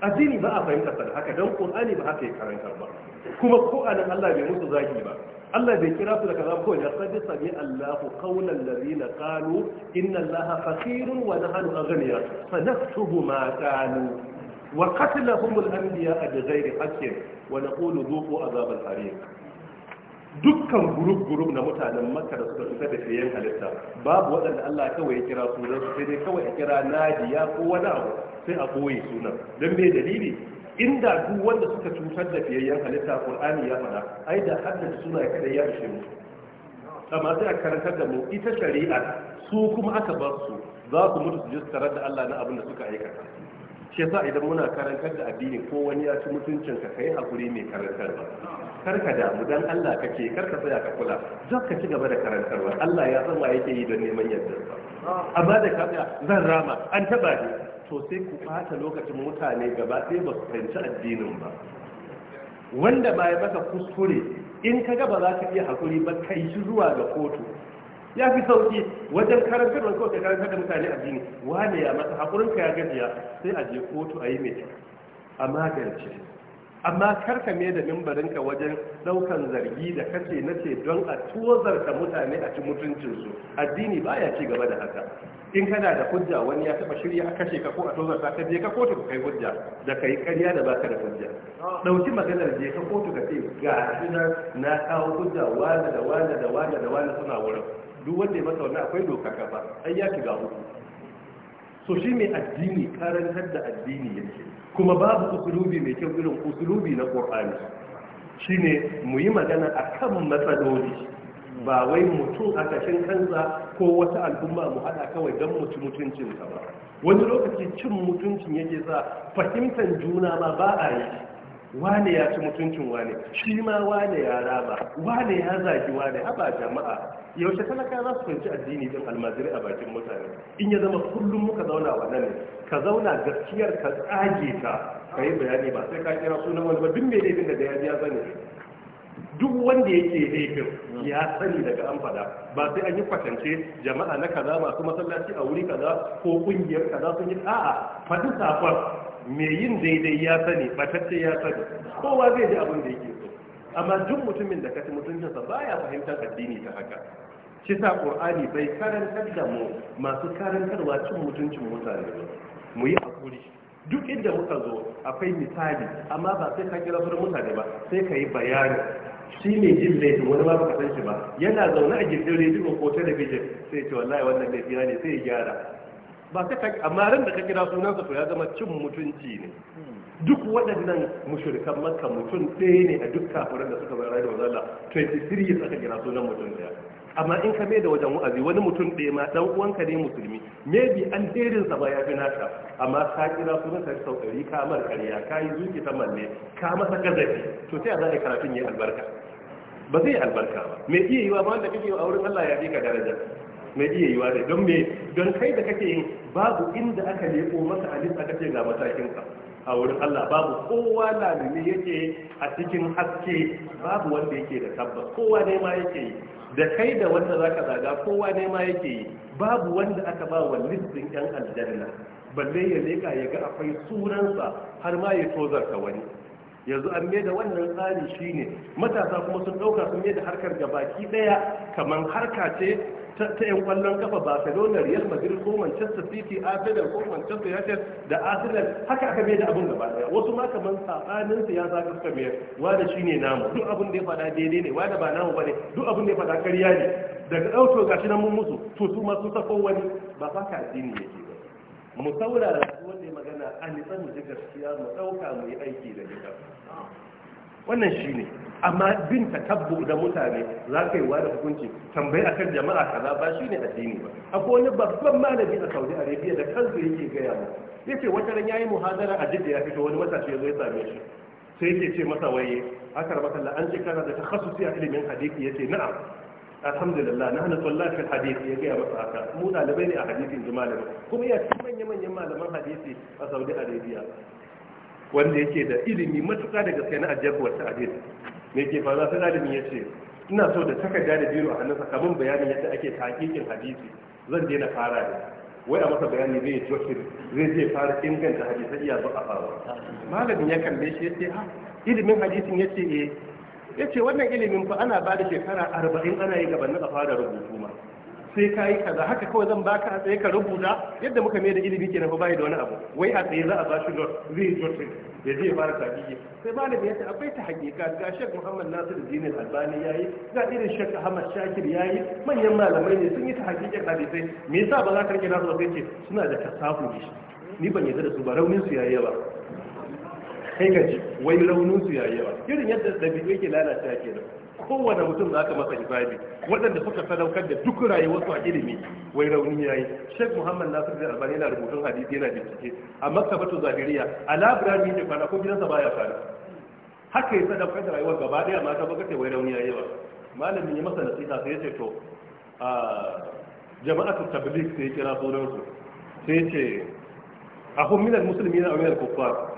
addini ba a fahimta da haka don ƙur'ani ba haka ya karantar ba kuma ko anan allah bai musu zagi ba Allah bai kira su da kaza ko ya sadi sami Allahu qawlan na qalu inna Allaha faqirun wa nahnu aghniya fa naktubu ma qalu wa qatlahum al-anbiya bi ghairi haqqin wa naqulu dhuqu azab al-hariq dukkan group group na mutanen makka da suka fita da fiyen halitta babu waɗanda Allah kawai ya kira sunan su sai dai kawai ya kira nadiya ko wani abu sai a koyi sunan dan me dalili inda duk wanda suka cutar da fiyayyen halitta Qur'ani ya faɗa ai da haddace suna ya kada ya ishe mu amma sai a karantar da mu ita shari'a su kuma aka bar su za su mutu su je da Allah na abin da suka aikata shi yasa idan muna karantar da addini ko wani ya ci mutuncin ka kai hakuri mai karantarwa karka damu dan Allah kake karka tsaya ka kula zan ka ci gaba da karantarwa Allah ya san wa yake yi don neman yadda. amma da ka zan rama an taba ni to sai ku fata lokacin mutane gaba ɗaya ba su fahimci addinin ba wanda ba ya maka kuskure in ka gaba za ka iya hakuri ba kai shi zuwa ga kotu ya fi sauki wajen karantar da kawai karantar da mutane addini wane ya masa hakurin ka ya gajiya sai a je kotu a yi mai a magance amma karka me da mimbarinka wajen daukan zargi da kace na ce don a tozarta mutane a ci mutuncinsu addini baya ci gaba da haka in kana da hujja wani ya taba shirya a kashe ka ko a tozarta ka je ka kotu ka kai hujja da kai karya da baka da hujja dauki maganar je ka kotu ka ce ga na kawo hujja wanda da wanda da wanda da wanda suna wurin duk wanda ya masa wani akwai doka kafa an ya shiga uku so shi mai addini karantar da addini yake kuma babu usulubi mai kyau irin usulubi na Shi ne mu yi magana a kan matsaloli ba wai mutum a kashin kansa ko wata al'umma mu haɗa kawai don ci mutuncinsa ba wani lokaci cin mutuncin yake sa fahimtar juna ma ba a yi wane ya ci mutuncin wane shi ma wane ya raba wane ya zagi wane haba jama'a yaushe talaka za su fahimci addini din almajiri a bakin mutane in ya zama kullum muka zauna wa nan, ka zauna gaskiyar ka tsage ta ka yi bayani ba sai ka kira sunan wani ba duk mai laifin da ya biya sani duk wanda yake laifin ya sani daga an fada ba sai an yi kwatance jama'a na kaza masu masallaci a wuri kaza ko kungiyar kaza sun yi a'a faɗin safar mai yin daidai ya sani batacce ya sani kowa zai ji abin da yake so amma duk mutumin da kaci mutuncinsa ya fahimtar addini ta haka shi sa qur'ani bai karantar da mu masu karantarwa cin mutuncin mutane ba mu yi hakuri duk inda muka zo akwai misali amma ba sai ka kira sunan mutane ba sai ka yi bayani shi ne jin laifin wani ba ka san shi ba yana zaune a gindin rediyo ko talabijin sai ce wallahi wannan laifi ne sai ya gyara ba ka ta amma ran da ka kira sunansa to ya zama cin mutunci ne duk waɗannan mushrikan makka mutum ɗaya ne a duk kafiran da suka bar rayuwar Allah 23 saka kira sunan mutun ɗaya amma in ka mai da wajen wa'azi wani mutum ɗaya ma dan uwanka ne musulmi maybe an derin sa ba ya fi naka amma ka kira sunan sa sau ɗari ka mar ƙarya ka yi zuki ta malle ka masa gazafi to sai a za karatun yi albarka ba zai albarka ba mai iya wa ba wanda kake a wurin Allah ya fi ka daraja mai iya yiwa ne don me don kai da kake yin babu inda aka leko masa alif aka ce ga matakinka a wurin Allah babu kowa lalumi yake a cikin haske babu wanda yake da tabbas kowa ne ma yake yi da kai da wanda zaka zaga kowa ne ma yake yi babu wanda aka ba wa listin yan aljanna balle ya leka ya ga akwai sunansa har ma ya tozarta wani yanzu an mai da wannan tsari shine matasa kuma sun dauka sun mai da harkar da baki daya kamar harka ce ta yan kwallon kafa barcelona real madrid ko manchester city arsenal ko manchester united da arsenal haka aka mai da abun gaba daya wasu ma kamar sabanin siyasa suka mai wada shine namu duk abun da ya faɗa daidai ne wada ba namu bane duk abun da ya faɗa kariya ne daga dauto gashi nan mun musu to su ma sun sako wani ba fa ka addini yake ba mu saurara a mu ji gaskiya mu ɗauka mu yi aiki da ita wannan shi ne amma bin tabbu da mutane za ka yi wa da hukunci tambayi a kan jama'a kaza ba shi ne addini ba akwai wani babban malami a saudi arabia da kansu yake gaya mu ya ce wata ran ya yi muhadara a jidda ya fito wani matashi ya zo ya same shi sai yake ce masa waye aka rabata an ce kana da takhasusi a ilimin hadisi ya na'am alhamdulillah na hana tsalla fi hadisi ya gaya masa haka mu ɗalibai ne a hadisin ji malamin kuma ya ci manyan manyan malaman hadisi a saudi arabia wanda yake da ilimi matuƙa da gaske na ajabu wata hadis me ke faruwa sai ɗalibin ya ce ina so da takarda da biro a hannunsa kamar bayanin yadda ake hakikin hadisi zan daina fara da wai a masa bayani zai jokin zai je fara inganta hadisi iya zo a fara malamin ya kalle shi ya ce ha ilimin hadisin ya ce eh ya ce wannan ilimin fa ana ba da shekara arba'in ana yi gaban na fara rubutu ma sai ka yi kaza haka kawai zan baka a tsaye ka rubuta yadda muka mai da ilimi ke na bayi da wani abu wai a tsaye za a bashi lot zai zurfi ya zai fara tabiye sai malami biya ta akwai ta hakika ga shek muhammad nasiru dinin albani ya yi ga irin shek ahmad shakir ya yi manyan malamai ne sun yi ta hakikar hadisai me yasa ba za ka rike nasu ba ce suna da tasahu ni ban yarda da su ba raunin su yayi yawa kai ka ji wai launin su yayi yawa irin yadda dabi'u yake lalata da. kowane mutum za ka masa ibadi waɗanda suka sadaukar da duk rayuwarsu a ilimi wai rauni yayi Sheikh Muhammad Nasir da Albani yana rubutun hadisi yana bincike a Maktabatu Zahiriya a library ne kwana ko gidansa baya fara haka ya sadaukar da rayuwar gaba daya mata baka ce wai rauni yayi ba malamin ya masa nasiha sai ya ce to a jama'atu tabligh sai ya kira sunan su sai ya ce ahum minal na a minal kuffar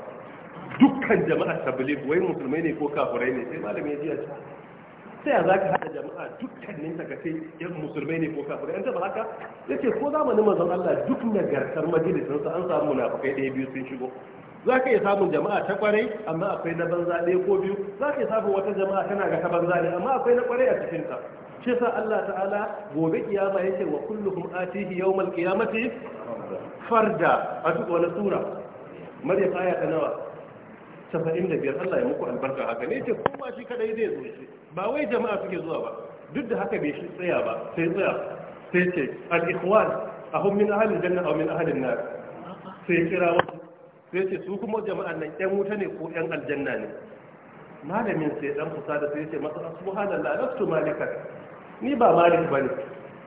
dukkan jama'a tabligh wai musulmai ne ko kafirai ne sai malami ya ji a ci sai ya zaka hada jama'a dukkanin ta kace yan musulmai ne ko kafirai an taba haka yace ko zamanin manzon Allah duk nagartar majalisin sa an samu munafikai ɗaya biyu sun shigo za ka iya samun jama'a ta kwarai amma akwai na banza ɗaya ko biyu za ka iya samun wata jama'a tana ga ta banza ne amma akwai na kwarai a ta shi sa Allah ta'ala gobe kiyama yake wa kulluhum atihi yawmal qiyamati farda a duk wani sura maryam aya ta nawa saba'in da biyar Allah ya muku albarka haka ne ce kuma shi kadai zai zo shi ba wai jama'a suke zuwa ba duk da haka bai shi tsaya ba sai tsaya sai ce al-ikhwan ahum min ahli janna aw min ahli nar sai kira wasu sai ce su kuma jama'an nan ƴan wuta ne ko ƴan aljanna ne malamin sai dan fusa da sai ce masa subhanallahi lastu malika ni ba malik bane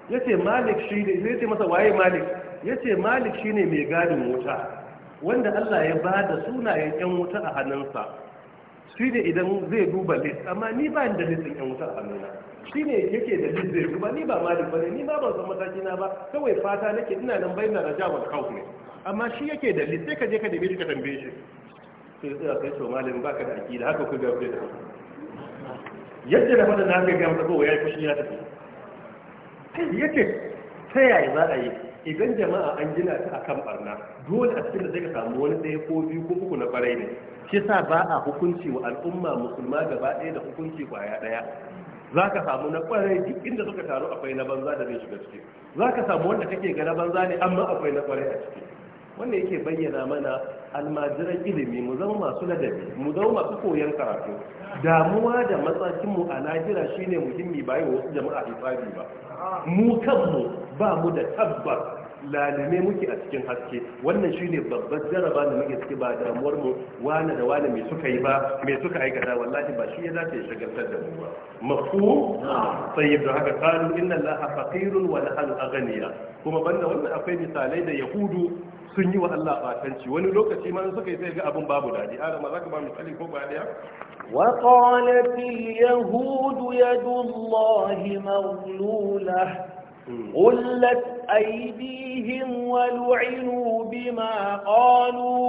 yace malik shi ne sai ce masa waye malik yace malik shine mai gadin wuta wanda Allah ya ba da sunayen yan wuta a hannunsa shi ne idan zai duba list amma ni ba da listin yan wuta a hannuna shi ne yake da list zai duba ni ba malik bane ni ba ban san mataki na ba kawai fata nake ina nan bayyana raja wal khawf amma shi yake da list sai ka je ka da shi ka tambaye shi sai tsaya sai to malamin baka da akida haka ku ga ku da yadda da wannan na ga ga masa ko ya fushi ya tafi yake ta yaya za a yi idan jama'a an gina ta akan barna dole a cikin da zai samu wani ɗaya ko biyu ko uku na kwarai ne shi sa ba a hukunci wa al'umma musulma gaba ɗaya da hukunci kwaya ɗaya za ka samu na kwarai duk inda suka taru akwai na banza da zai shiga ciki za ka samu wanda kake ga na banza ne amma akwai na kwarai a ciki wannan yake bayyana mana almajiran ilimi mu zama masu ladabi mu zama masu koyon karatu damuwa da matsakin mu a najira shine muhimmi ba yi wasu jama'a ifadi ba mu kanmu ba mu da tabbas lalime muke a cikin haske wannan shine babbar jaraba da muke ciki ba damuwar mu wani da wani mai suka yi ba mai suka aikata wallahi ba shi ya zata ya shagaltar da mu ba mafhum tayyib da haka qalu inna allaha faqirun wa nahnu aghniya kuma banda wannan akwai misalai da yahudu sun yi wa Allah batanci wani lokaci ma suka yi sai ga abin babu dadi ala ma zaka ba misali ko ba daya wa qalati yahud yadu mawlula maghlulah qullat aydihim wa lu'inu bima qalu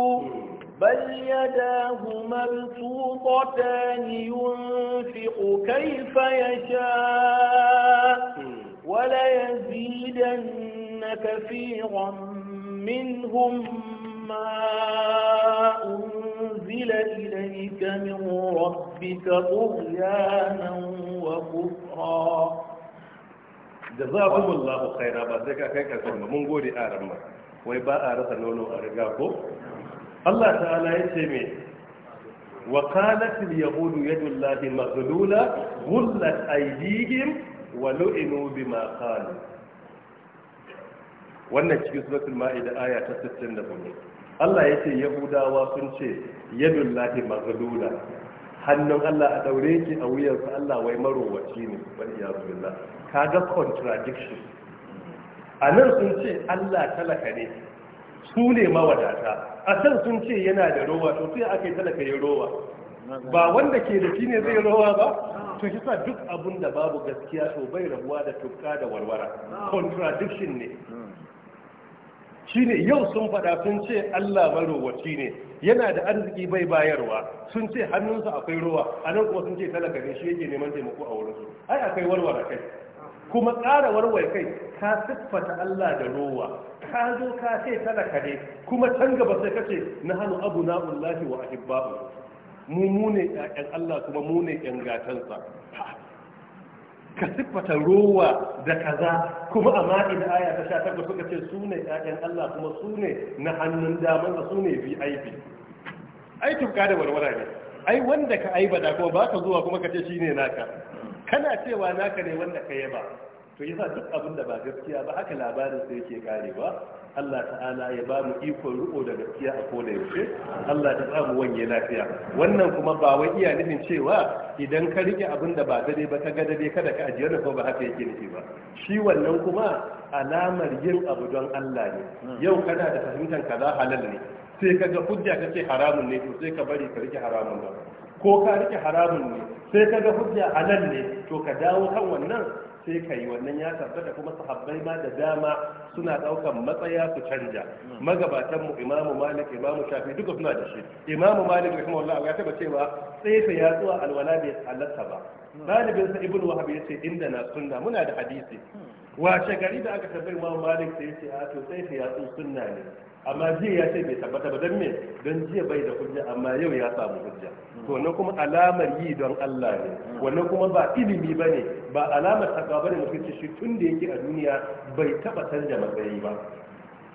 بل يداه مبسوطتان ينفق كيف يشاء وليزيدن كثيرا منهم ما أنزل إليك من ربك طغيانا وكفرا جزاكم الله خيرا بذلك كيف كان من قولي آرما ويبا آرسا نونو أرقاكم الله تعالى يسمي وقالت اليهود يد الله مغلولة غلت أيديهم ولئنوا بما قالوا wannan cikin suratul ma'ida aya ta 67 Allah yace yahudawa sun ce yadullahi maghluda hannun Allah a daure ki a sa Allah wai marowaci ne wal iyyazu billah kaga contradiction a nan sun ce Allah talaka ne su ne mawadata a can sun ce yana da rowa to sai aka yi talaka ya rowa ba wanda ke da shi ne zai rowa ba to shi sa duk abun da babu gaskiya to bai rabuwa da tukka da warwara contradiction ne shine yau sun faɗa sun ce Allah marowaci ne yana da arziki bai bayarwa sun ce hannunsa akwai ruwa a nan kuma sun ce talaka ne shi yake neman taimako a wurin su ai akwai warware kai kuma ƙara warware kai ka siffata Allah da ruwa. ka zo ka ce talaka ne kuma can gaba sai kace na hannu abu na ullahi wa ahibba mu mu ne ƴaƴan Allah kuma mu ne ƴan gatansa ka siffata rowa da kaza kuma a ma'in aya ta sha takwas suka ce su ne ƴaƴan Allah kuma su ne na hannun damar da su ne VIP ai tuka da warwara ne ai wanda ka da kuma ba ka zuwa kuma ka ce shi ne naka kana cewa naka ne wanda ka yaba to yasa duk abin da ba gaskiya ba haka labarin sai yake karewa Allah ta'ala ya ba mu ikon riko da gaskiya a koda yaushe Allah ta ba mu wanye lafiya wannan kuma ba wai iya nufin cewa idan ka rike abin da ba dade ba ka ga dade kada ka ajiye da ba haka yake nufi ba shi wannan kuma alamar yin abu don Allah ne yau kana da fahimtar kaza halal ne sai ka ga hujja kace haramun ne to sai ka bari ka rike haramun ba ko ka rike haramun ne sai ka ga hujja halal ne to ka dawo kan wannan sai ka yi wannan ya tabbata kuma sahabbai ma da dama suna daukan matsaya su canja magabatan mu imamu malik imamu shafi duka suna da shi imamu malik rahimahullah ya taba cewa tsefe ya zuwa alwala bai halatta ba dalibin sa ibnu wahab yace inda na sunna muna da hadisi hmm. washe gari da aka tabbai imamu malik sai yace a to tsefe ya sunna ne amma jiya ya ce bai tabbata ba don me don jiya bai da hujja amma yau ya samu hujja to wannan kuma alamar yi don Allah ne wannan kuma ba ilimi ba ne ba alamar takawa ba ne mutum shi tun da yake a duniya bai taba canja matsayi ba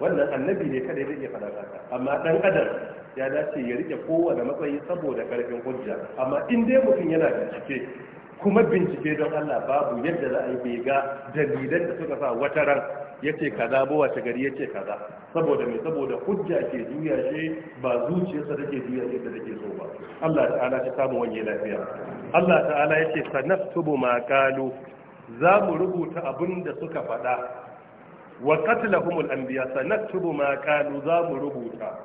wannan annabi ne kada zai iya faɗa amma dan adam ya dace ya rike kowane matsayi saboda karfin hujja amma in dai mutum yana bincike kuma bincike don Allah babu yadda za a yi bai ga dalilan da suka sa wata yace kaza ba ta gari yace kaza saboda me saboda hujja ke juya shi ba zuciyarsa take juya shi da take so ba Allah ta'ala ya samu wani lafiya Allah ta'ala yace sanaktubu ma qalu za mu rubuta abin da suka faɗa wa qatlahumul anbiya sanaktubu ma qalu za mu rubuta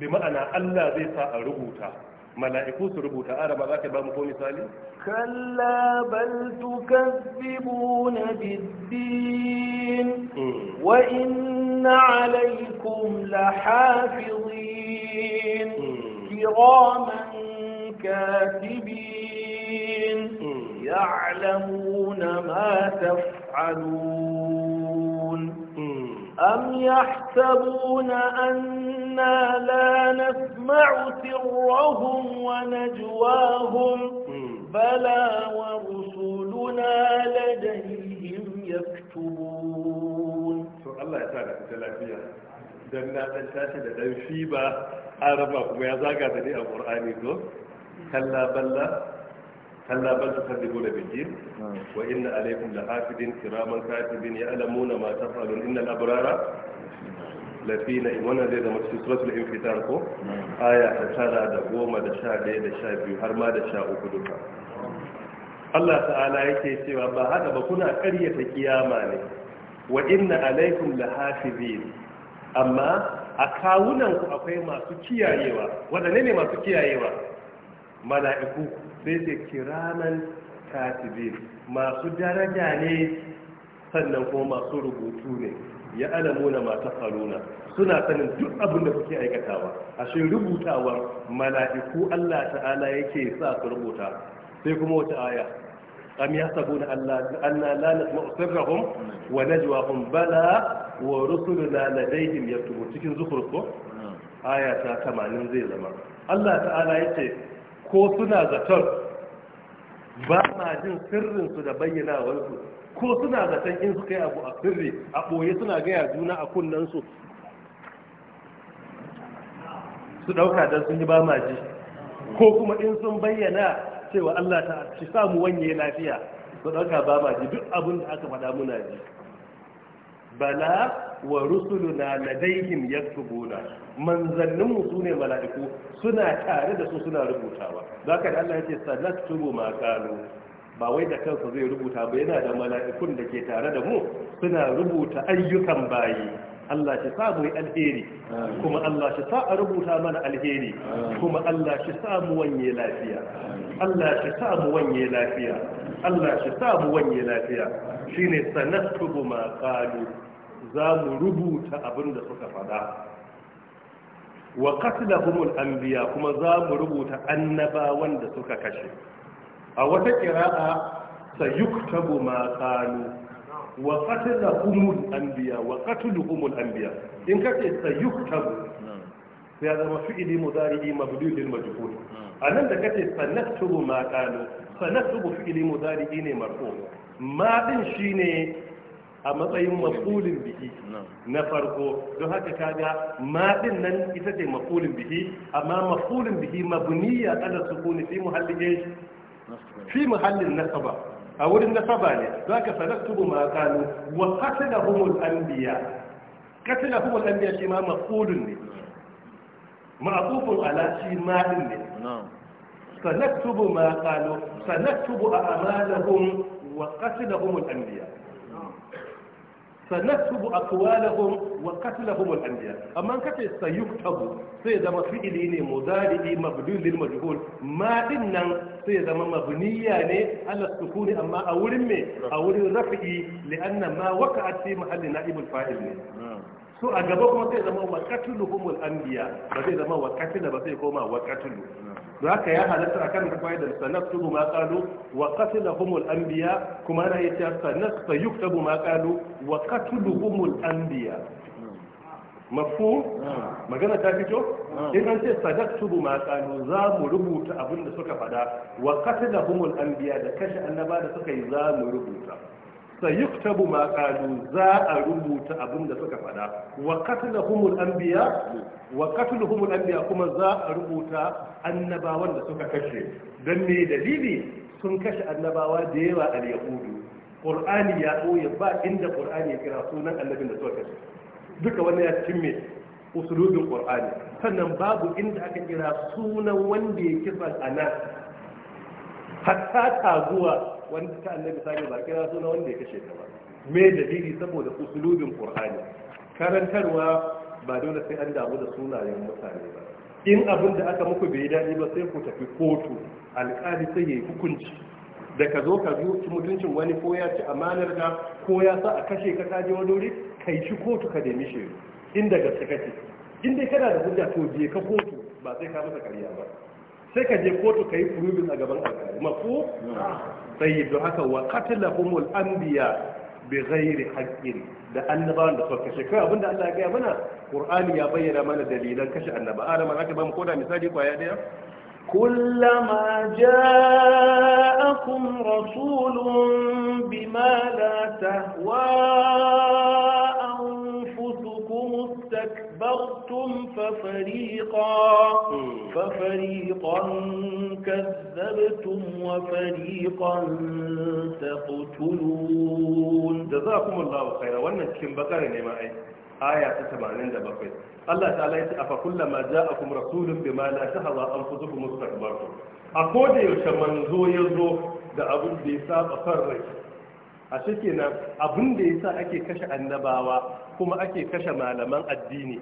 bi ma'ana Allah zai sa a rubuta mala'iku su rubuta araba za ka ba mu ko misali? kalla bal tukazzibuna biddin wa inna alaikum lahafizin kiraman katibin ya'lamuna ma taf'alun أم يحسبون أنا لا نسمع سرهم ونجواهم بلى ورسلنا لديهم يكتبون الله يسعدك تلافيا dan na dan tashi da dan shi ba araba kuma ya zaga da ni a qur'ani ko kalla balla كلا بل تكذبون بالدين وإن عليكم لحافظين كراما كاتبين يعلمون ما تفعلون إن الأبرار لفي نعيم وانا زي ما في سورة الانفتار كو آية تسارة دا قومة دا شاء دي دا شاء بيو هرما دا شاء أخدوها الله تعالى يكي سوى أبا هذا بكنا قرية كياماني وإن عليكم لحافظين أما a kawunanku akwai masu kiyayewa waɗanne ne masu kiyayewa mala'iku sai ce kiraman katibin masu daraja ne sannan kuma masu rubutu ne ya alamuna masu faruna suna sanin duk abin da kuke aikatawa ashe rubutawar mala'iku Allah ta'ala yake sa su rubuta sai kuma wata aya am yasabuna anna la na sirrahum wa najwahum bala wa rusuluna ladayhim yaktubu cikin zukhruf ko aya ta 80 zai zama Allah ta'ala yake ko suna zaton ba ma jin sirrinsu da bayyanawarsu ko suna zaton in suka yi abu a sirri a ɓoye suna gaya juna a kunnensu su ɗauka don sun yi ba ma ji ko kuma in sun bayyana cewa Allah ta ci samu wanye lafiya su ɗauka ba ma ji duk abin da aka faɗa muna ji bala wa rusuluna ladaihim yaktubuna manzanninmu su ne mala'iku suna tare da su suna rubutawa za ka da Allah ya ce sanattubu ma kanu ba wai da kansa zai rubuta ba yana da mala'ikun da ke tare da mu suna rubuta ayyukan bayi Allah shi sa mu yi alheri kuma Allah shi sa a rubuta mana alheri kuma Allah shi sa mu wanye lafiya Allah shi sa mu wanye lafiya Allah shi sa mu wanye lafiya shine sanattubu ma qalu za mu rubuta abin da suka faɗa wa humul anbiya kuma za mu rubuta annabawan da suka kashe a wata sa yuktabu ma qalu wa humul anbiya wa humul anbiya in kace yuktabu sai ya zama fi'ili mudari'i mabdudin majhul anan da kace sanaktubu ma qalu sanaktubu fi'ili mudari'i ne marfu ma din shine a matsayin mafulin bihi na farko don haka kaga ma din nan ita ce mafulin bihi amma mafulin bihi mabniya ala sukuni fi muhalli eh, fi muhallin nasaba a wurin nasaba ne za ka sanaktubu ma kanu wa da qatlahumul anbiya humul anbiya shi ma mafulin ne ma'tufun ala shi ma din ne sanaktubu ma kanu sanaktubu a'malahum wa da humul anbiya sanaktubu aqwalahum wa qatlahum al-anbiya amma kace sayuktabu sai zama fi'ili ne mudari mabdul lil majhul ma dinnan sai zama mabniya ne ala sukuni amma a wurin me a wurin rafi'i lianna ma waqa'at fi mahalli na'ib al-fa'il ne so a gaba kuma sai zama wa qatluhum al-anbiya ba sai zama wa qatla ba sai koma wa qatlu don haka ya halatta a kan rukwai da sanaktubu ma qalu wa qatlahumul anbiya kuma na ana yace sanakta yuktabu ma qalu wa qatluhumul anbiya mafu magana ta fito in an ce sadaktubu ma qalu za mu rubuta abin da suka fada wa qatlahumul anbiya da kashe annaba da suka yi za mu rubuta sayuktabu ma qalu za a rubuta abinda da suka fada wa qatluhumul anbiya wa qatluhumul anbiya kuma za a rubuta annabawan da suka kashe dan me dalili sun kashe annabawa da yawa al yahudu qur'ani ya koya ba inda qur'ani ya kira sunan annabin da suka kashe duka wannan ya cimme usulubin qur'ani sannan babu inda aka kira sunan wanda ya kisa anan hatta zuwa. wanda ta annabi sani ba kira suna wanda ya kashe ta ba me dalili saboda usulubin qur'ani karantarwa ba dole sai an damu da sunayen mutane ba in abin da aka muku bai daɗi ba sai ku tafi kotu alƙali sai ya yi hukunci da ka zo ka ci mutuncin wani ko ya ci amanar ka ko ya sa a kashe ka kaje wani wuri kai shi kotu ka nemi shi inda gaske kake in dai kana da hujja to je ka kotu ba sai ka masa ƙarya ba sai ka je kotu ka yi furubin a gaban alkali mafu sai da haka wa qatlahumul anbiya bi ghairi haqqin da annaba da suka kashe kai abinda Allah ya gaya mana Qur'ani ya bayyana mana dalilan kashe annaba Adam an ba mu koda misali kwaya daya كلما جاءكم رسول بما لا تهوى استكبرتم ففريقا ففريقا كذبتم وفريقا تقتلون جزاكم الله خيرا وانا كم بقرة نما اي آية 87 الله تعالى يقول أفكلما جاءكم رسول بما لا تهوى أنفسكم استكبرتم أقول يوشا منزو يزو da abin da ya saba kan rai a shi kenan abin da ya sa ake kashe annabawa kuma ake kashe malaman addini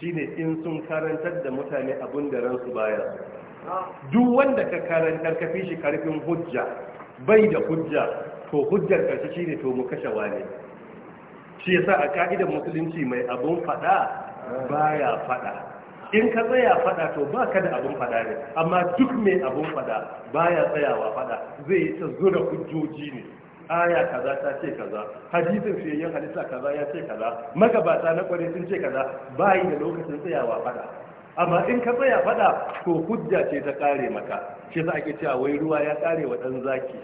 shine in sun karantar da mutane abin da ransu baya duk wanda ka karantar ka fi shi karfin hujja bai da hujja to hujjar karshe shine to mu kashe wane shi yasa a ka'idar musulunci mai abun fada baya fada in ka tsaya fada to ba ka da abun fada ne amma duk mai abun fada baya tsayawa fada zai ta zura hujjoji ne aya kaza ta ce kaza hadisin yin hadisa kaza ya ce kaza magabata na kwarai sun ce kaza bayi da lokacin tsayawa fada amma in ka tsaya fada to hujja ce ta kare maka shi sa ake cewa wai ruwa ya kare wa dan zaki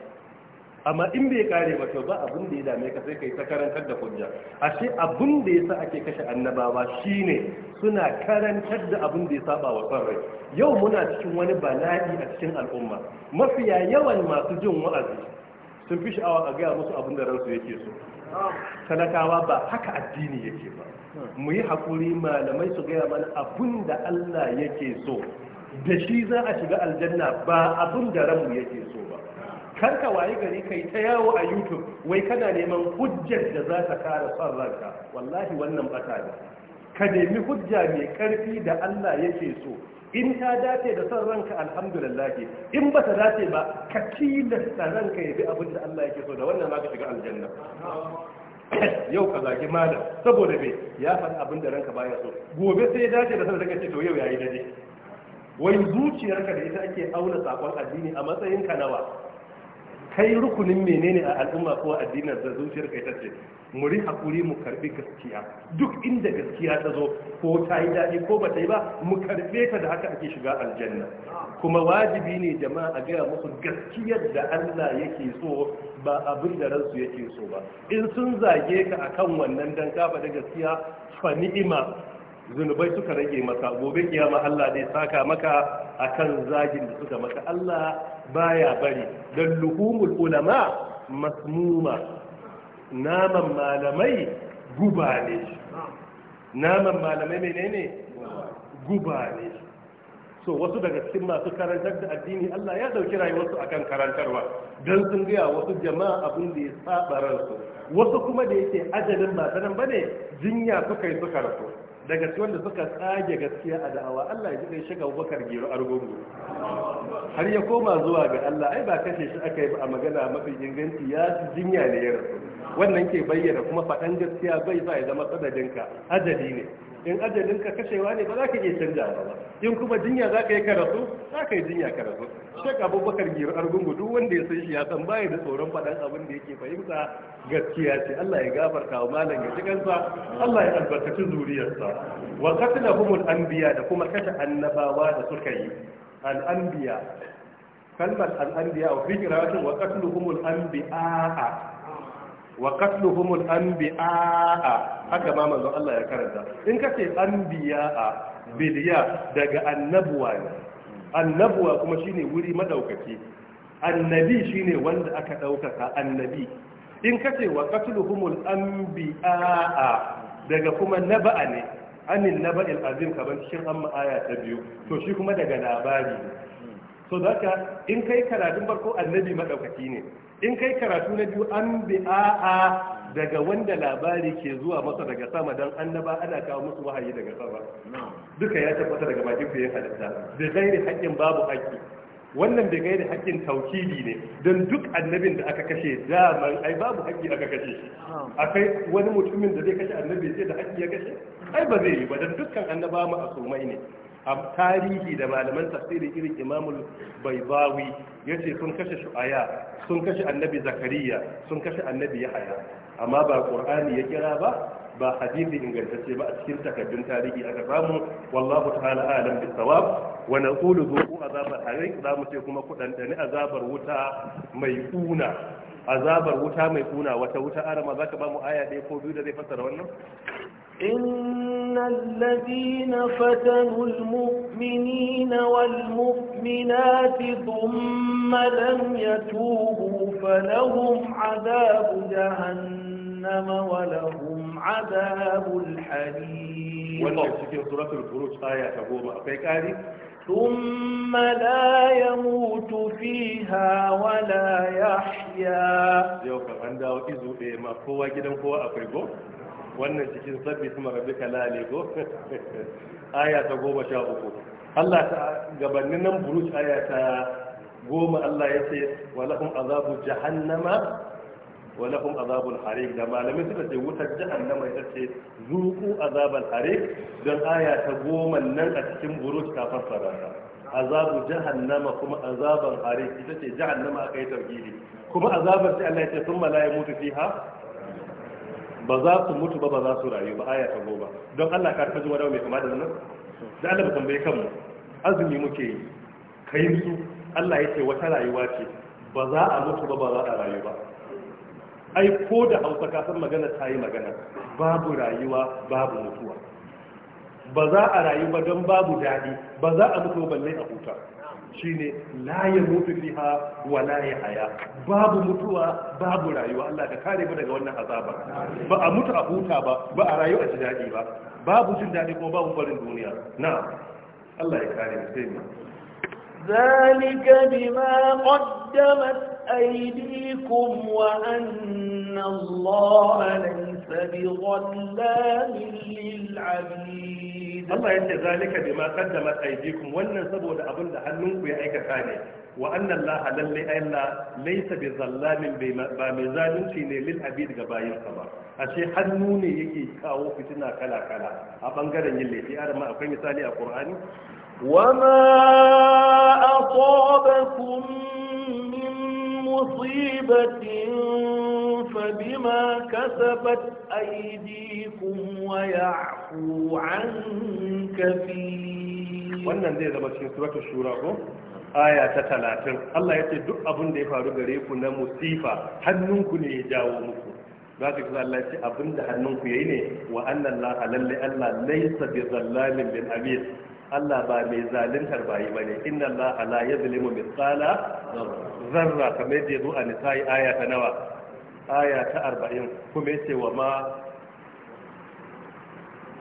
amma in bai kare ba ba abin da ya dame ka sai kai ta karantar da hujja ashe abin da yasa ake kashe annabawa shine suna karantar da abin da ya saba wa farai. yau muna cikin wani bala'i a cikin al'umma mafiya yawan masu jin wa'azi sun fi sha'awa a gaya musu abin da ransu yake so talakawa ba haka addini yake ba mu yi haƙuri malamai su gaya mana abin da allah yake so da shi za a shiga aljanna ba abin da ranmu yake so ba kar ka waye gari kai ta yawo a youtube wai kana neman hujjar da za ta kara son ranka wallahi wannan bata ne ka nemi hujja mai karfi da allah yake so in ta dace da son ranka alhamdulillah in ba ta dace ba ka tilasta ranka ya bi abin da Allah yake so da wannan ma ka shiga aljanna yau ka zagi malam saboda me ya faɗi abin da ranka baya so gobe sai ya dace da son ranka ce to yau yayi daidai wai zuciyarka da ita ake auna sakon addini a matsayin ka nawa kai rukunin menene a al'umma ko addinin da zuciyar kai ta ce mu ri hakuri mu karbi gaskiya duk inda gaskiya ta zo ko ta yi daɗi ko ba ta yi ba mu karbe ta da haka ake shiga aljanna kuma wajibi ne jama'a a gaya musu gaskiyar da Allah yake so ba abin da ransu yake so ba in sun zage ka akan wannan dan kafa da gaskiya fa ni'ima zunubai suka rage maka gobe kiyama Allah zai saka maka akan zagin da suka maka Allah baya bari don luhumul ulama masmuma naman malamai guba ne naman malamai menene guba ne so wasu daga cikin masu karantar da addini Allah ya dauki rayuwarsu akan karantarwa don sun gaya wasu jama'a abin da ya saba ransu wasu kuma da yake ajalin ba sanan bane jinya suka yi suka rasu daga cikin wanda suka tsage gaskiya a da'awa Allah ya ji shiga Abubakar Gero Argungu har ya koma zuwa ga Allah ai ba kashe shi aka yi ba a magana mafi inganci ya jinya ne ya rasu wannan ke bayyana kuma faɗan gaskiya bai sa ya zama sadadinka ajali ne in ajalinka kashewa ne ba za ka iya canja ba in kuma jinya za ka yi rasu za ka yi jinya karatu shek abubakar giro argungu duk wanda ya san shi ya san baya da tsoron faɗan abin da yake fahimta gaskiya ce Allah ya gafarta wa malam ya kansa Allah ya albarkaci zuriyarsa wa qatlahumul anbiya da kuma kashe annabawa da suka yi al'anbiya kalmar al'anbiya a fi kiratin wa qatluhumul anbiya'a wa qatluhumul anbiya'a haka ma manzo Allah ya karanta in ka ce ambiya a biliya daga annabuwa ne annabuwa kuma shine wuri madaukaki annabi shine wanda aka daukaka annabi in ka ce wa qatluhumul anbiya'a daga kuma naba'a ne amin na ba'il azim kamar cikin amma aya ta biyu to shi kuma daga labari so zaka in kai karatun farko annabi madaukaki ne in kai karatu na biyu an bi'a'a daga wanda labari ke zuwa masa daga sama dan annaba ana kawo musu wahayi daga sama duka ya tabbata daga bakin fiye halitta da gairi haƙƙin babu haƙƙi wannan bai gaida haƙƙin taukidi ne don duk annabin da aka kashe daman ai babu haƙƙi aka kashe shi akai wani mutumin da zai kashe annabi sai da haƙƙi ya kashe ai ba zai yi ba don dukkan annabawa asumai ne a tarihi da malaman tafsiri irin imamul baibawi ya ce sun kashe shu'aya sun kashe annabi zakariya sun kashe annabi yahaya amma ba ƙur'ani ya kira ba ba hadisi ingantacce ba a cikin takaddun tarihi aka samu wallahu ta'ala alam bis sawab wa naqulu zuqu azabar hayy za mu ce kuma ku dandane azabar wuta mai kuna azabar wuta mai kuna wata wuta arama za ka ba mu aya ɗaya ko biyu da zai fasara wannan? innal ladina fatanu almu'minina ya mu'minati thumma lam yatubu falahum adabu jahannam wa lahum adabul hadid wannan cikin suratul furuj aya ta goma akwai kari Dumala ya mutu fi hawa layashiya. Yau ka hanɗa wa ki zobe ma kowa gidan kowa wannan cikin sabbin kuma karɓi ka lalata ta goma sha uku, Allah ta gaban nan burush a ya ta goma, Allah yace sayi walakun azabu jahannama. Wani lahum azabul hariq da malamai suka ce wutar jahannama ita ce zuku azabul hariq don aya ta goma nan a cikin buruj ta fassara ta azabu jahannama kuma azaban hariq ita ce jahannama aka yi tauhidi kuma azabar sai Allah ya ce sun thumma la yamutu fiha ba za su mutu ba ba za su rayu ba aya ta goma don Allah ka tafi wani mai kama da nan da Allah ba tambaye kanmu azumi muke yi kai su Allah ya ce wata rayuwa ce ba za a mutu ba ba za a rayu ba ai ko da hausa kasar magana ta yi magana babu rayuwa babu mutuwa ba za a rayu ba don babu daɗi ba za a mutu balle a huta Shi ne layin mutu fiha wa layin haya babu mutuwa babu rayuwa Allah ka kare mu daga wannan azaba ba a mutu a huta ba ba a rayu a ji daɗi ba babu jin daɗi ko babu farin duniya na Allah ya kare mu sai mu ذلك بما قدمت أيديكم وأن الله ليس بظلام للعبيد الله يتي ذلك بما قدمت أيديكم وأن سبو لأبن لحنونك يا أيك ثاني وأن الله للي ألا ليس بظلام بمزان شيني للعبيد قبائل كما ashe hannu ne yake kawo fitina kala-kala a bangaren yin laifi adama akwai misali a ƙur'ani wama aqabakum مصيبة فبما كسبت أيديكم ويعفو عن كثير wannan zai zama cikin suratul shura ko aya ta talatin. Allah ya ce duk abin da ya faru gare ku na musifa hannunku ne ya jawo muku za ka kira Allah ce abin da hannunku yayi ne wa annan la lalle Allah laysa bi zallamin bin abid Allah ba mai zaluntar bayi ba ne inda Allah ala ya la yadlimu mithqala zarra kamar yadda yazo a nisa'i aya ta nawa aya ta arba'in. kuma yace wa ma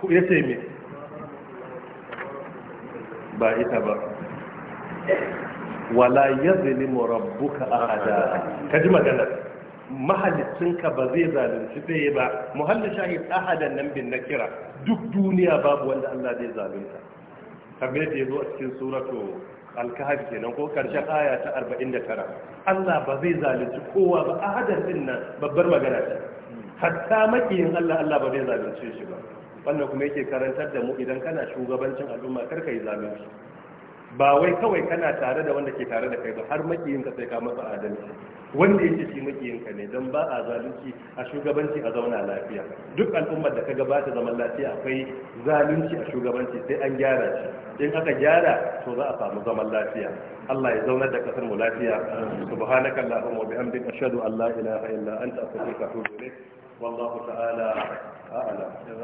ku yace me ba ita ba wala ya yadlimu rabbuka ahada ji magana mahallicinka ba zai zalunci ɗaya ba muhallin shahid ahadan nan bin na kira duk duniya babu wanda Allah zai zalunta kamar da ya zo a cikin suratu alkahari kenan ko karshen aya ta arba'in 49 Allah ba zai zalunci kowa ba ahadar din nan babbar magana ce hatta makiyin Allah Allah ba zai zalunce shi ba wannan kuma yake karantar da mu idan kana shugabancin al'umma kar ka yi zalunci ba wai kawai kana tare da wanda ke tare da kai ba har makiyin ka sai ka masa adalci wanda yake shi makiyin ka ne don ba a zalunci a shugabanci a zauna lafiya duk al'ummar da ka gabata zaman lafiya akwai zalunci a shugabanci sai an gyara shi in aka gyara to za a samu zaman lafiya Allah ya zaunar da kasar mu lafiya subhanaka allahumma wa bihamdika ashhadu an la ilaha illa anta astaghfiruka wa atubu ilayk wallahu ta'ala a'lam